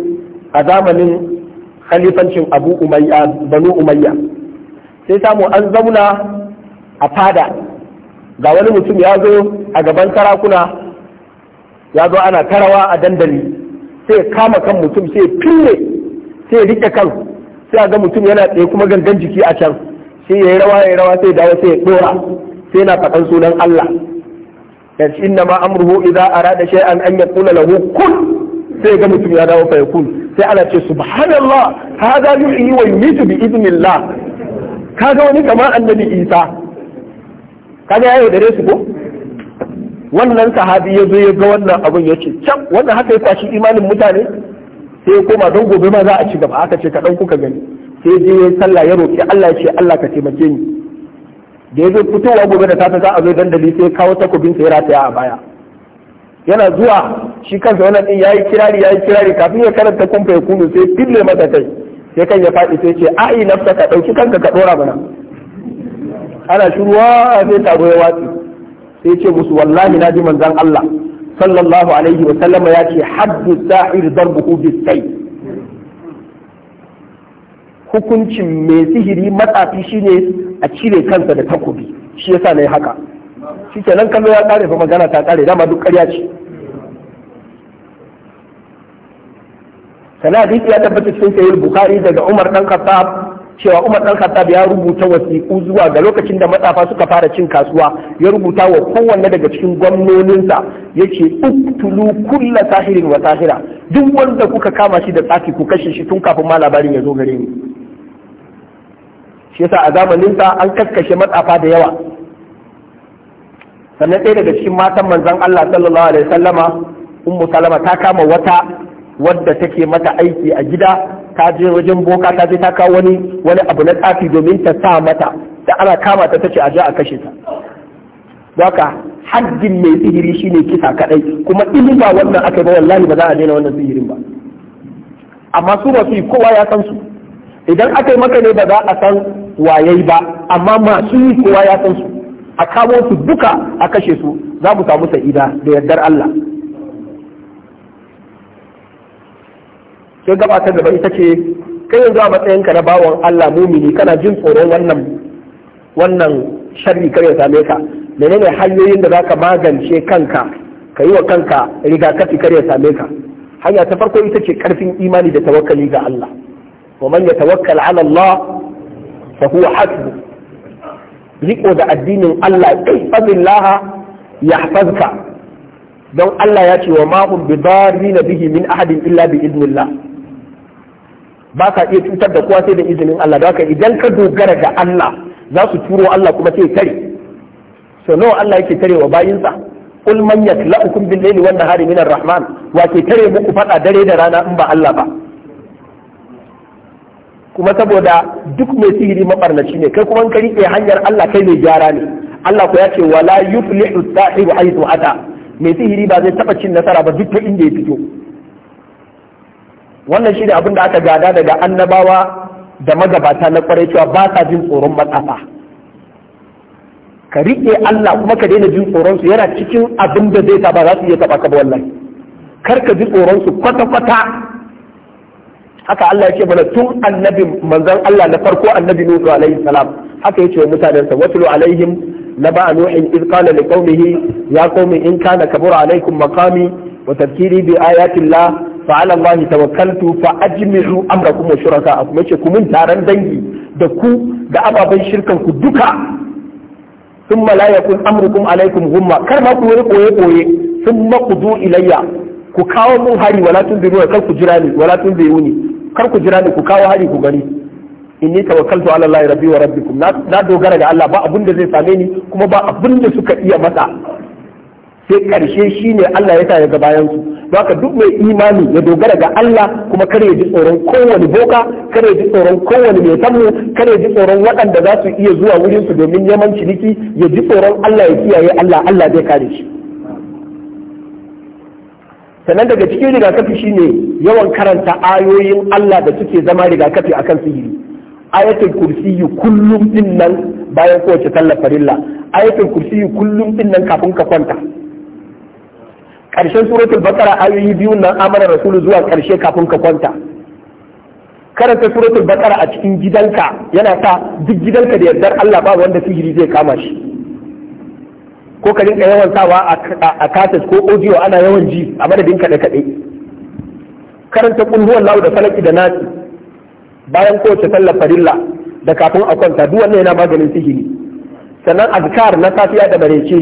a zamanin khalifancin abu umayya banu umayya sai samu an zauna a fada ga wani mutum ya zo a gaban sarakuna ya zo ana karawa a dandali sai kama kan mutum sai fille sai rike kan sai ga mutum yana tsaye kuma gangan jiki a can sai ya yi rawa ya yi rawa sai dawo sai ya dora sai na faɗan sunan Allah dan inna ma amruhu idza arada shay'an an yaqula lahu kun sai ga mutum ya dawo fa yakun sai ana ce subhanallah hadha yuhyi wa yumitu bi idnillah kaga wani kamar annabi Isa kaga ya yaudare su ko wannan sahabi ya zo ya ga wannan abin ya ce can wannan haka ya kwashi imanin mutane sai ya koma don gobe ma za a ci gaba aka ce kaɗan kuka gani sai je ya sallah ya roƙi Allah ya ce Allah ka taimake ni da ya zo fitowa gobe da safe za a zo dandali sai ya kawo takobin sa ya rataya a baya yana zuwa shi kansa wannan din yayi kirari yayi kirari kafin ya karanta kumfa ya kunu sai fille masa kai sai kan ya faɗi sai ce a'i ka ɗauki kanka ka ɗora mana ana shiruwa sai taro ya watsi sai ce musu wallahi na ji manzon Allah sallallahu alaihi wa sallama ya ce haddu sa'ir darbuhu bisai hukuncin mai sihiri matsafi shine a cire kansa da takobi shi yasa nayi haka shi nan kallo ya kare fa magana ta kare dama duk ƙarya ce sanadi ya tabbata cikin sayyid bukhari daga umar dan khattab cewa Umar dan Khattab ya rubuta wasiƙu zuwa ga lokacin da matsafa suka fara cin kasuwa ya rubuta wa kowanne daga cikin gwamnoninsa yake uktulu kulla sahirin wa sahira duk wanda kuka kama shi da tsafi ku kashe shi tun kafin ma labarin ya zo gare ni shi yasa a zamanin sa an kakkashe matsafa da yawa sannan ɗaya daga cikin matan manzon Allah sallallahu alaihi wasallama ummu salama ta kama wata wadda take mata aiki a gida ka je wajen boka ta je ta kawo wani wani abu na tsafi domin ta sa mata da ana kama ta tace a je a kashe ta waka haddin mai sihiri shine kisa kadai kuma ilimin ba wannan aka ba wallahi ba za a daina wannan sihirin ba amma su ba su yi kowa ya san su idan aka yi maka ne ba za a san wayayi ba amma masu yi kowa ya san su a kamo su duka a kashe su za mu samu sa'ida da yardar Allah sai gabata gaba ita ce kai yanzu a matsayin ka na bawan Allah mumini kana jin tsoron wannan wannan sharri kar ya same ka menene hanyoyin da zaka magance kanka ka yi wa kanka rigakafi kar ya same ka hanya ta farko ita ce karfin imani da tawakkali ga Allah wa man yatawakkal ala Allah fa huwa hasbu riko da addinin Allah ihfazillah yahfazka don Allah ya ce wa mahum bi na bihi min ahadin illa bi iznillah ba ka iya cutar da kowa sai da izinin Allah don haka idan ka dogara ga Allah za su turo Allah kuma sai kare. so nawa Allah yake kare wa bayinsa qul man yaklaukum bil laili wan nahari min rahman wa ke tare muku fada dare da rana in ba Allah ba kuma saboda duk mai sihiri mabarnaci ne kai kuma kari ka hanyar Allah kai mai gyara ne Allah ku ya ce wala yuflihu sahibu haythu ata mai sihiri ba zai taɓa cin nasara ba duk ta inda ya fito wannan shi ne abin da aka gada daga annabawa da magabata na kwarai cewa ba sa jin tsoron matsafa ka riƙe Allah kuma ka daina jin tsoron su yana cikin abin da zai ba za su iya taɓa ka ba wallahi kar ka ji tsoron su kwata-kwata haka Allah ya ce mana tun annabi manzon Allah na farko annabi Nuhu alaihi salam haka yace wa sa watlu alaihim نبأ نوح إذ قال لقومه يا قوم إن كان كبر عليكم مقامي وتذكيري بآيات الله فعلى الله توكلت فأجمعوا أمركم وشركاءكم يشي كمن تارن دنجي دكو دا أبا بن شركا كدكا ثم لا يكون أمركم عليكم غمة كرما قوي قوي قوي ثم قضوا إلي ku kawo mun hari wala tun biyu kar ku jira ni wala tun biyu ni kar ku jira ni ku kawo hari ku gani inni tawakkaltu ala allahi rabbi wa rabbikum na dogara ga Allah ba abin zai same ni kuma ba abin suka iya masa sai karshe shine Allah ya sa ya ga bayan su haka duk mai imani ya dogara ga Allah kuma kare ya ji tsoron kowane boka kare ya ji tsoron kowane mai tamu kare ya ji tsoron waɗanda za su iya zuwa wurin su domin neman ciniki ya ji tsoron Allah ya kiyaye Allah Allah zai kare shi sannan daga cikin rigakafi shine yawan karanta ayoyin Allah da suke zama rigakafi akan sihiri ayatul kursiyu kullum din nan bayan kowace sallar farilla ayatul kursiyu kullum din nan kafin ka kwanta karshen suratul bakara ayoyi biyu nan amara rasulu zuwa karshe kafin ka kwanta karanta suratul bakara a cikin gidanka yana sa duk gidanka da yardar Allah ba wanda sihiri zai kama shi ko ka rinka yawan sawa a kasas ko audio ana yawan ji a madadin kaɗe-kaɗe karanta kulhuwan lahu da falaki da nasi bayan kowace sallar farilla da kafin a kwanta duk wannan yana maganin sihiri sannan azkar na safiya da bareci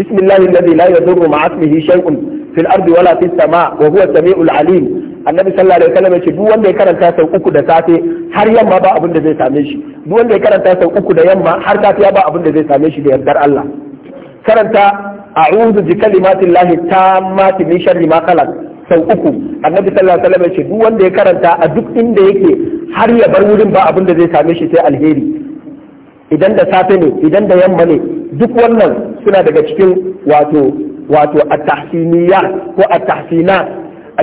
bismillahi alladhi la yadurru ma ismihi shay'un fil ardi wala fis sama wa huwa samiul alim annabi sallallahu alaihi wasallam yace duk wanda ya karanta sau uku da safe har yamma ba abin da zai same shi duk wanda ya karanta sau uku da yamma har safiya ba abin da zai same shi da yardar Allah karanta a'udhu bi kalimatillahi tammati min sharri ma khalaq sau uku annabi sallallahu alaihi wasallam ce duk wanda ya karanta a duk inda yake har ya bar wurin ba abin da zai same shi sai alheri idan da safe ne idan da yamma ne duk wannan suna daga cikin wato wato at tahsiniya ko at-tahsina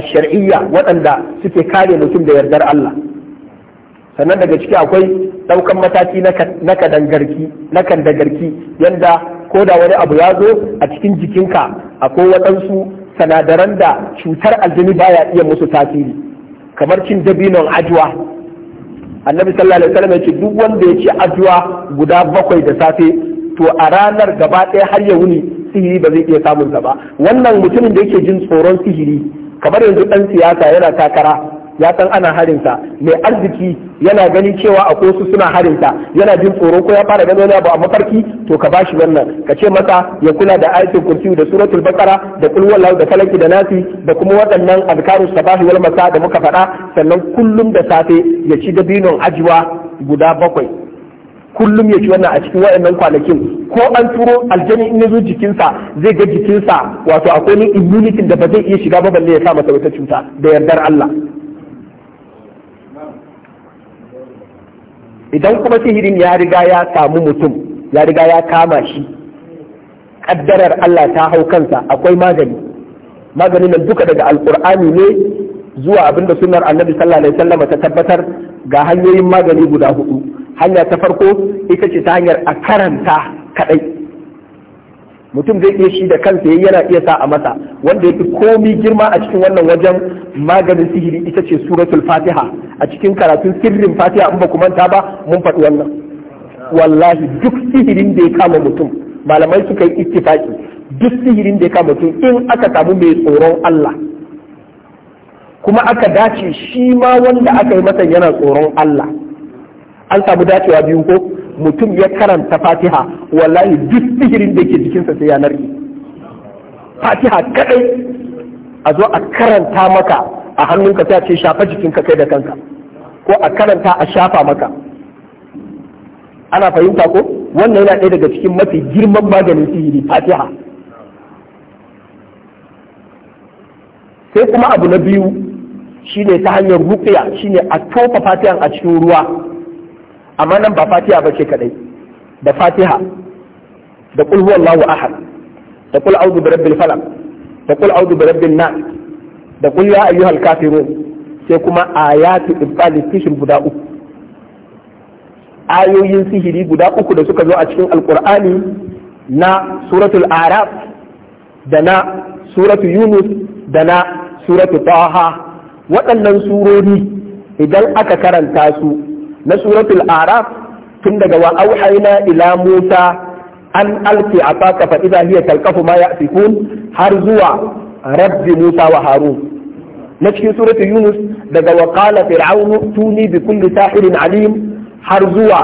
ash-shar'iyya waɗanda suke kare mutum da yardar Allah sannan daga ciki akwai daukan mataki na kadangarki na kandagarki yanda ko da wani abu ya zo a cikin jikinka akwai waɗansu sinadaran da cutar aljini baya iya musu tasiri kamar cin dabinon ajuwa annabi sallallahu alaihi wasallam yace duk wanda ya ci ajuwa guda bakwai da safe to a ranar gaba ɗaya har ya wuni sihiri ba zai iya samun sa ba wannan mutumin da yake jin tsoron sihiri kamar yanzu dan siyasa yana takara ya san ana harinsa mai arziki yana gani cewa akwai su suna harinsa yana jin tsoro ko ya fara gano wani abu a mafarki to ka bashi wannan ka ce masa ya kula da ayatul kursi da suratul baqara da kul wallahu da falaki da nasi da kuma waɗannan azkaru sabahi wal masa da muka faɗa sannan kullum da safe ya ci dabinon ajiwa guda bakwai kullum ya ci wannan a cikin waɗannan kwanakin ko an turo aljani in zo jikinsa zai ga jikinsa wato akwai ni immunity da ba zai iya shiga ba balle ya sa masa wata cuta da yardar Allah idan kuma sihirin ya riga ya samu mutum ya riga ya kama shi ƙaddarar Allah ta hau kansa akwai magani maganin nan duka daga alƙur'ani ne zuwa abinda sunar annabi sallallahu alaihi wasallam ta tabbatar ga hanyoyin magani guda hudu hanya ta farko ita ce ta hanyar a karanta kadai mutum zai iya shi da kansa yayi yana iya sa a masa wanda yafi komi girma a cikin wannan wajen maganin sihiri ita ce suratul fatiha a cikin karatun sirrin fatiha in ba ku manta ba mun faɗi wannan wallahi duk sihirin da ya kama mutum malamai suka yi ittifaki duk sihirin da ya kama mutum in aka samu mai tsoron Allah kuma aka dace shi ma wanda aka yi masa yana tsoron Allah an samu dacewa biyu ko mutum ya karanta fatiha wallahi duk sihirin da ke jikinsa sai ya narke fatiha kadai a zo a karanta maka a hannunka sai a ce shafa jikinka kai da kanka ko a karanta a shafa maka ana fahimta ko wannan yana ɗaya daga cikin mafi girman maganin sihiri fatiha sai kuma abu na biyu shine ta hanyar rukiya shine a tofa fatihan a cikin ruwa amma nan ba fatiha ba ce kadai da fatiha da qul huwallahu ahad da kul a'udhu rabbil falaq da kul a'udhu rabbin nas da kul ya ayyuhal kafirun sai kuma ayatu ibali tishin guda uku ayoyin sihiri guda uku da suka zo a cikin alqur'ani na suratul araf da na suratul yunus da na suratul taha waɗannan surori idan aka karanta su na suratul araf tun daga wa auhayna ila musa an alki asaka fa idza hiya talqafu ma ya'fikun har zuwa rabbi musa wa harun na cikin suratul yunus daga wa qala fir'aunu tuni bi kulli sahirin alim har zuwa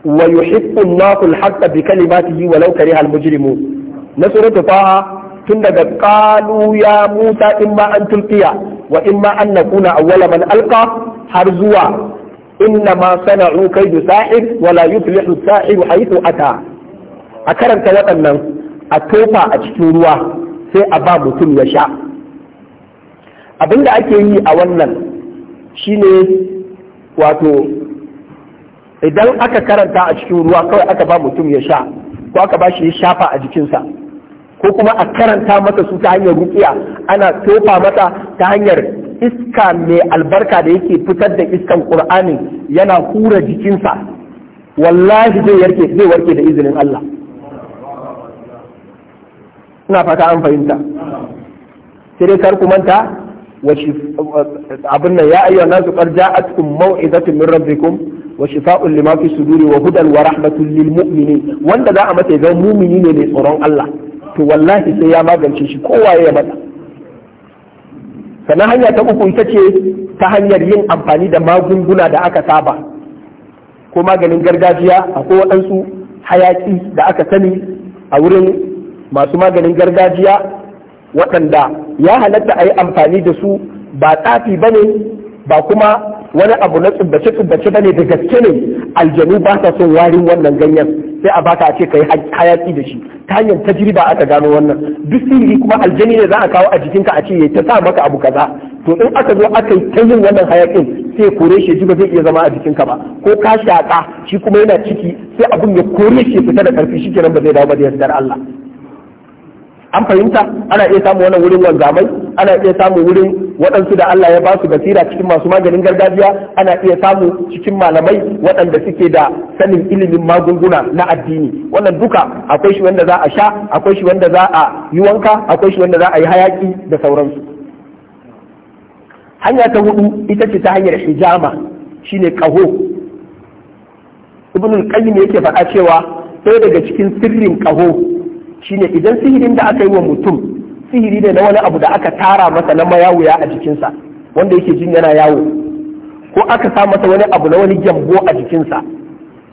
wa yuhibbu Allahu al-haqqa bi kalimatihi wa law kariha al-mujrimun na suratul taha tun daga qalu ya musa imma an tulqiya wa imma an nakuna awwala man alqa har zuwa inna ma sana'u kaidu sa'ir la yuflihu sa'iru haythu ata a karanta waɗannan a tofa a cikin ruwa sai a ba mutum ya sha abinda ake yi a wannan shine wato idan aka karanta a cikin ruwa kawai aka ba mutum ya sha ko aka ba shi ya shafa a jikinsa ko kuma a karanta masa su ta hanyar rukiya ana tofa mata ta hanyar iska mai albarka da yake fitar da iskan qur'ani yana hura jikinsa wallahi zai yarke zai warke da izinin Allah ina fata an fahimta sai dai kar ku manta wa abin nan ya ayyuhan nasu qad ja'atkum maw'izatun min rabbikum wa shifaa'un lima fi suduri wa hudan wa rahmatun lil mu'minin wanda za a mata ga mumini ne mai tsoron Allah to wallahi sai ya magance shi kowa ya mata sannan hanya ta uku ita ce ta hanyar yin amfani da magunguna da aka saba ko maganin gargajiya akwai waɗansu hayaƙi da aka sani a wurin masu maganin gargajiya waɗanda ya halatta a yi amfani da su ba tsafi ba ne ba kuma wani abu na tsubbace-tsubbace ba ne da gaske ne aljanu ba sa son warin wannan ganyen sai a baka a ce yi hayaki da shi ta hanyar tajriba aka gano wannan duk sihiri kuma aljani ne za a kawo a jikinka a ce ya ta sa maka abu kaza to in aka zo aka yi ta yin wannan hayakin sai kore shi ji ba zai iya zama a jikinka ba ko ka shaka shi kuma yana ciki sai abun ya kore shi fita da karfi nan ba zai dawo ba da yardar Allah an fahimta ana iya samun wannan wurin wanzamai ana iya samun wurin waɗansu da Allah ya ba su basira cikin masu maganin gargajiya ana iya samu cikin malamai waɗanda suke da sanin ilimin magunguna na addini wannan duka akwai shi wanda za a sha akwai shi wanda za a yi wanka akwai shi wanda za a yi hayaki da sauransu hanya ta hudu ita ce ta hanyar hijama shine kaho ibnul qayyim yake faɗa cewa sai daga cikin sirrin kaho shine idan sihirin da aka yi wa mutum sihiri ne na wani abu da aka tara masa na mayawuya a jikinsa wanda yake jin yana yawo ko aka sa masa wani abu na wani gyambo a jikinsa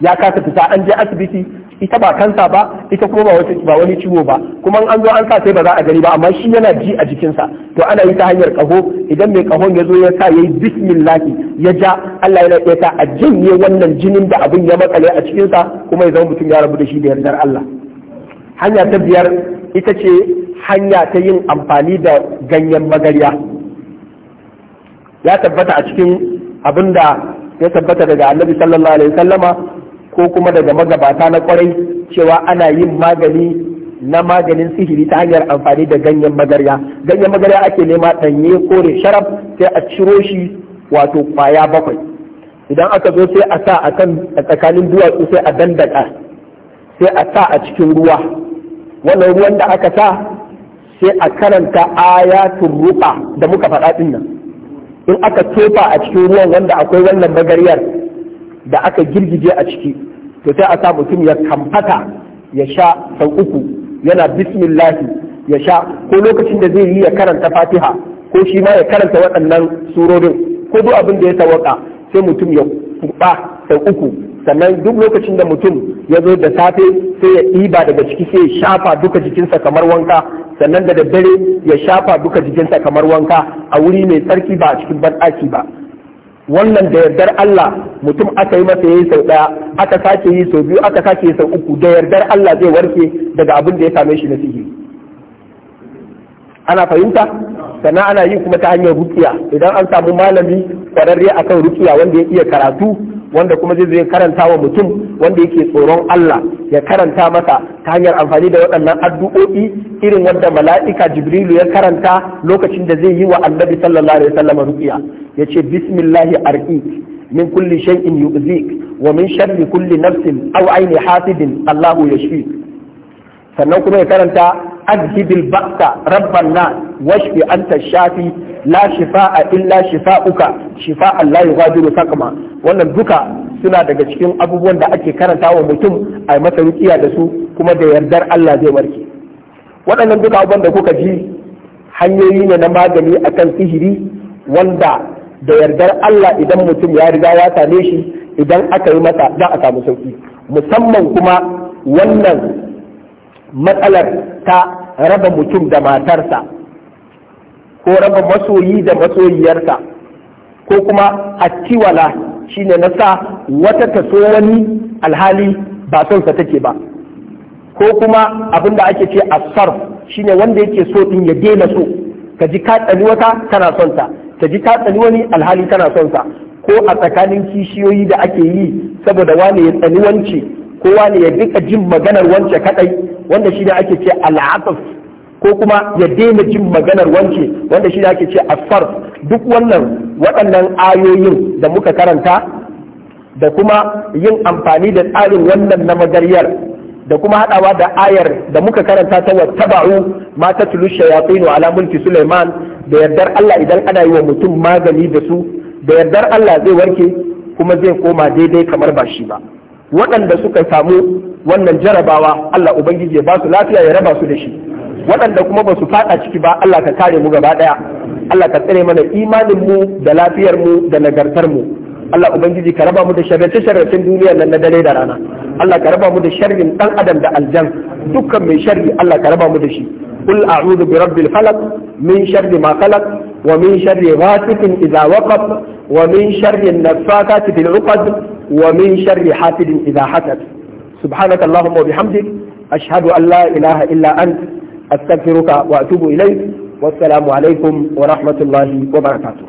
ya kasa fita an je asibiti ita ba kansa ba ita kuma ba wani ba wani ciwo ba kuma an zo an sa sai ba za a gani ba amma shi yana ji a jikinsa to ana yi ta hanyar kaho idan mai kahon ya zo ya sa yayi bismillah ya ja Allah yana iya ta a janye wannan jinin da abin ya matsale a cikinsa kuma ya zama mutum ya rabu da shi da yardar Allah hanya ta biyar ita ce hanya ta yin amfani da ganyen magarya ya tabbata a cikin abin da ya tabbata daga annabi sallallahu alaihi sallama ko kuma daga magabata na kwarai cewa ana yin magani na maganin sihiri ta hanyar amfani da ganyen magarya ganyen magarya ake nema ɗanye kore sharaf sai a ciro shi wato kwaya bakwai idan aka zo sai a sa a kan tsakanin duwatsu sai a dandaka sai a sa a cikin ruwa wannan ruwan da aka sa sai a karanta ayatul ruqa da muka faɗa din nan in aka tofa a cikin ruwan wanda akwai wannan magaryar da aka girgije a ciki to sai a sa mutum ya kamfata ya sha sau uku yana bismillahi ya sha ko lokacin da zai yi ya karanta fatiha ko shi ma ya karanta waɗannan surorin ko duk abin da ya sawaka sai mutum ya kurɓa sau uku sannan duk lokacin da mutum ya zo da safe sai ya ɗiba daga ciki sai ya shafa duka jikinsa kamar wanka sannan da daddare ya shafa duka jikinsa kamar wanka a wuri mai tsarki ba a cikin banɗaki ba wannan da yardar Allah mutum aka yi masa yayi sau ɗaya aka sake yi sau biyu aka sake yi sau uku da yardar Allah zai warke daga abin da ya same shi na sihiri ana fahimta sannan ana yi kuma ta hanyar rukiya idan an samu malami kwararre akan rukiya wanda ya iya karatu wanda kuma zai zai karanta wa mutum wanda yake tsoron Allah ya karanta masa ta hanyar amfani da waɗannan addu'o'i irin wanda mala'ika Jibrilu ya karanta lokacin da zai yi wa Annabi sallallahu alaihi wasallam ruqiya yace bismillahi arqik min kulli shay'in yu'zik wa min sharri kulli nafsin aw aini hasidin Allahu yashfik sannan kuma ya karanta أذهب البأس رب الناس واشف أنت الشافي لا شفاء إلا شفاءك شفاء لا يغادر سقما wannan duka suna daga cikin abubuwan da ake karanta wa mutum a masa rukiya da su kuma da yardar Allah zai warke waɗannan duka abubuwan kuka ji hanyoyi ne na magani a kan sihiri wanda da yardar Allah idan mutum ya riga ya same shi idan aka yi masa za a samu sauki musamman kuma wannan matsalar ta raba mutum da matarsa ko raba masoyi da masoyiyarsa ko kuma attiwala shine na sa wata ta so wani alhali ba son sa take ba ko kuma abin da ake ce shi shine wanda yake so din ya daina so ka ji ka tsani wata kana son ta ka ji ka tsani wani alhali kana son sa ko a tsakanin kishiyoyi da ake yi saboda wane ya tsani kowa ne ya dinka jin maganar wance kadai wanda shi ne ake ce al'ataf ko kuma ya daina jin maganar wance wanda shi ne ake ce asfar duk wannan waɗannan ayoyin da muka karanta da kuma yin amfani da tsarin wannan na magaryar da kuma haɗawa da ayar da muka karanta ta wattaba'u ma ta tulu shayatinu ala mulki Sulaiman da yardar Allah idan ana yi wa mutum magani da su da yardar Allah zai warke kuma zai koma daidai kamar ba shi ba waɗanda suka samu wannan jarabawa Allah ubangiji ya ba su lafiya ya raba su da shi waɗanda kuma ba su faɗa ciki ba Allah ka kare mu gaba ɗaya Allah ka tsare mana imanin mu da lafiyar mu da nagartar mu Allah ubangiji ka raba mu da sharrace sharracen duniya nan na dare da rana Allah ka raba mu da sharrin dan adam da aljan dukkan mai sharri Allah ka raba mu da shi قل أعوذ برب الفلق من شر ما خلق ومن شر غاسق إذا وقف ومن شر النفاثات في العقد ومن شر حاسد إذا حسد سبحانك اللهم وبحمدك أشهد أن لا إله إلا أنت أستغفرك وأتوب إليك والسلام عليكم ورحمة الله وبركاته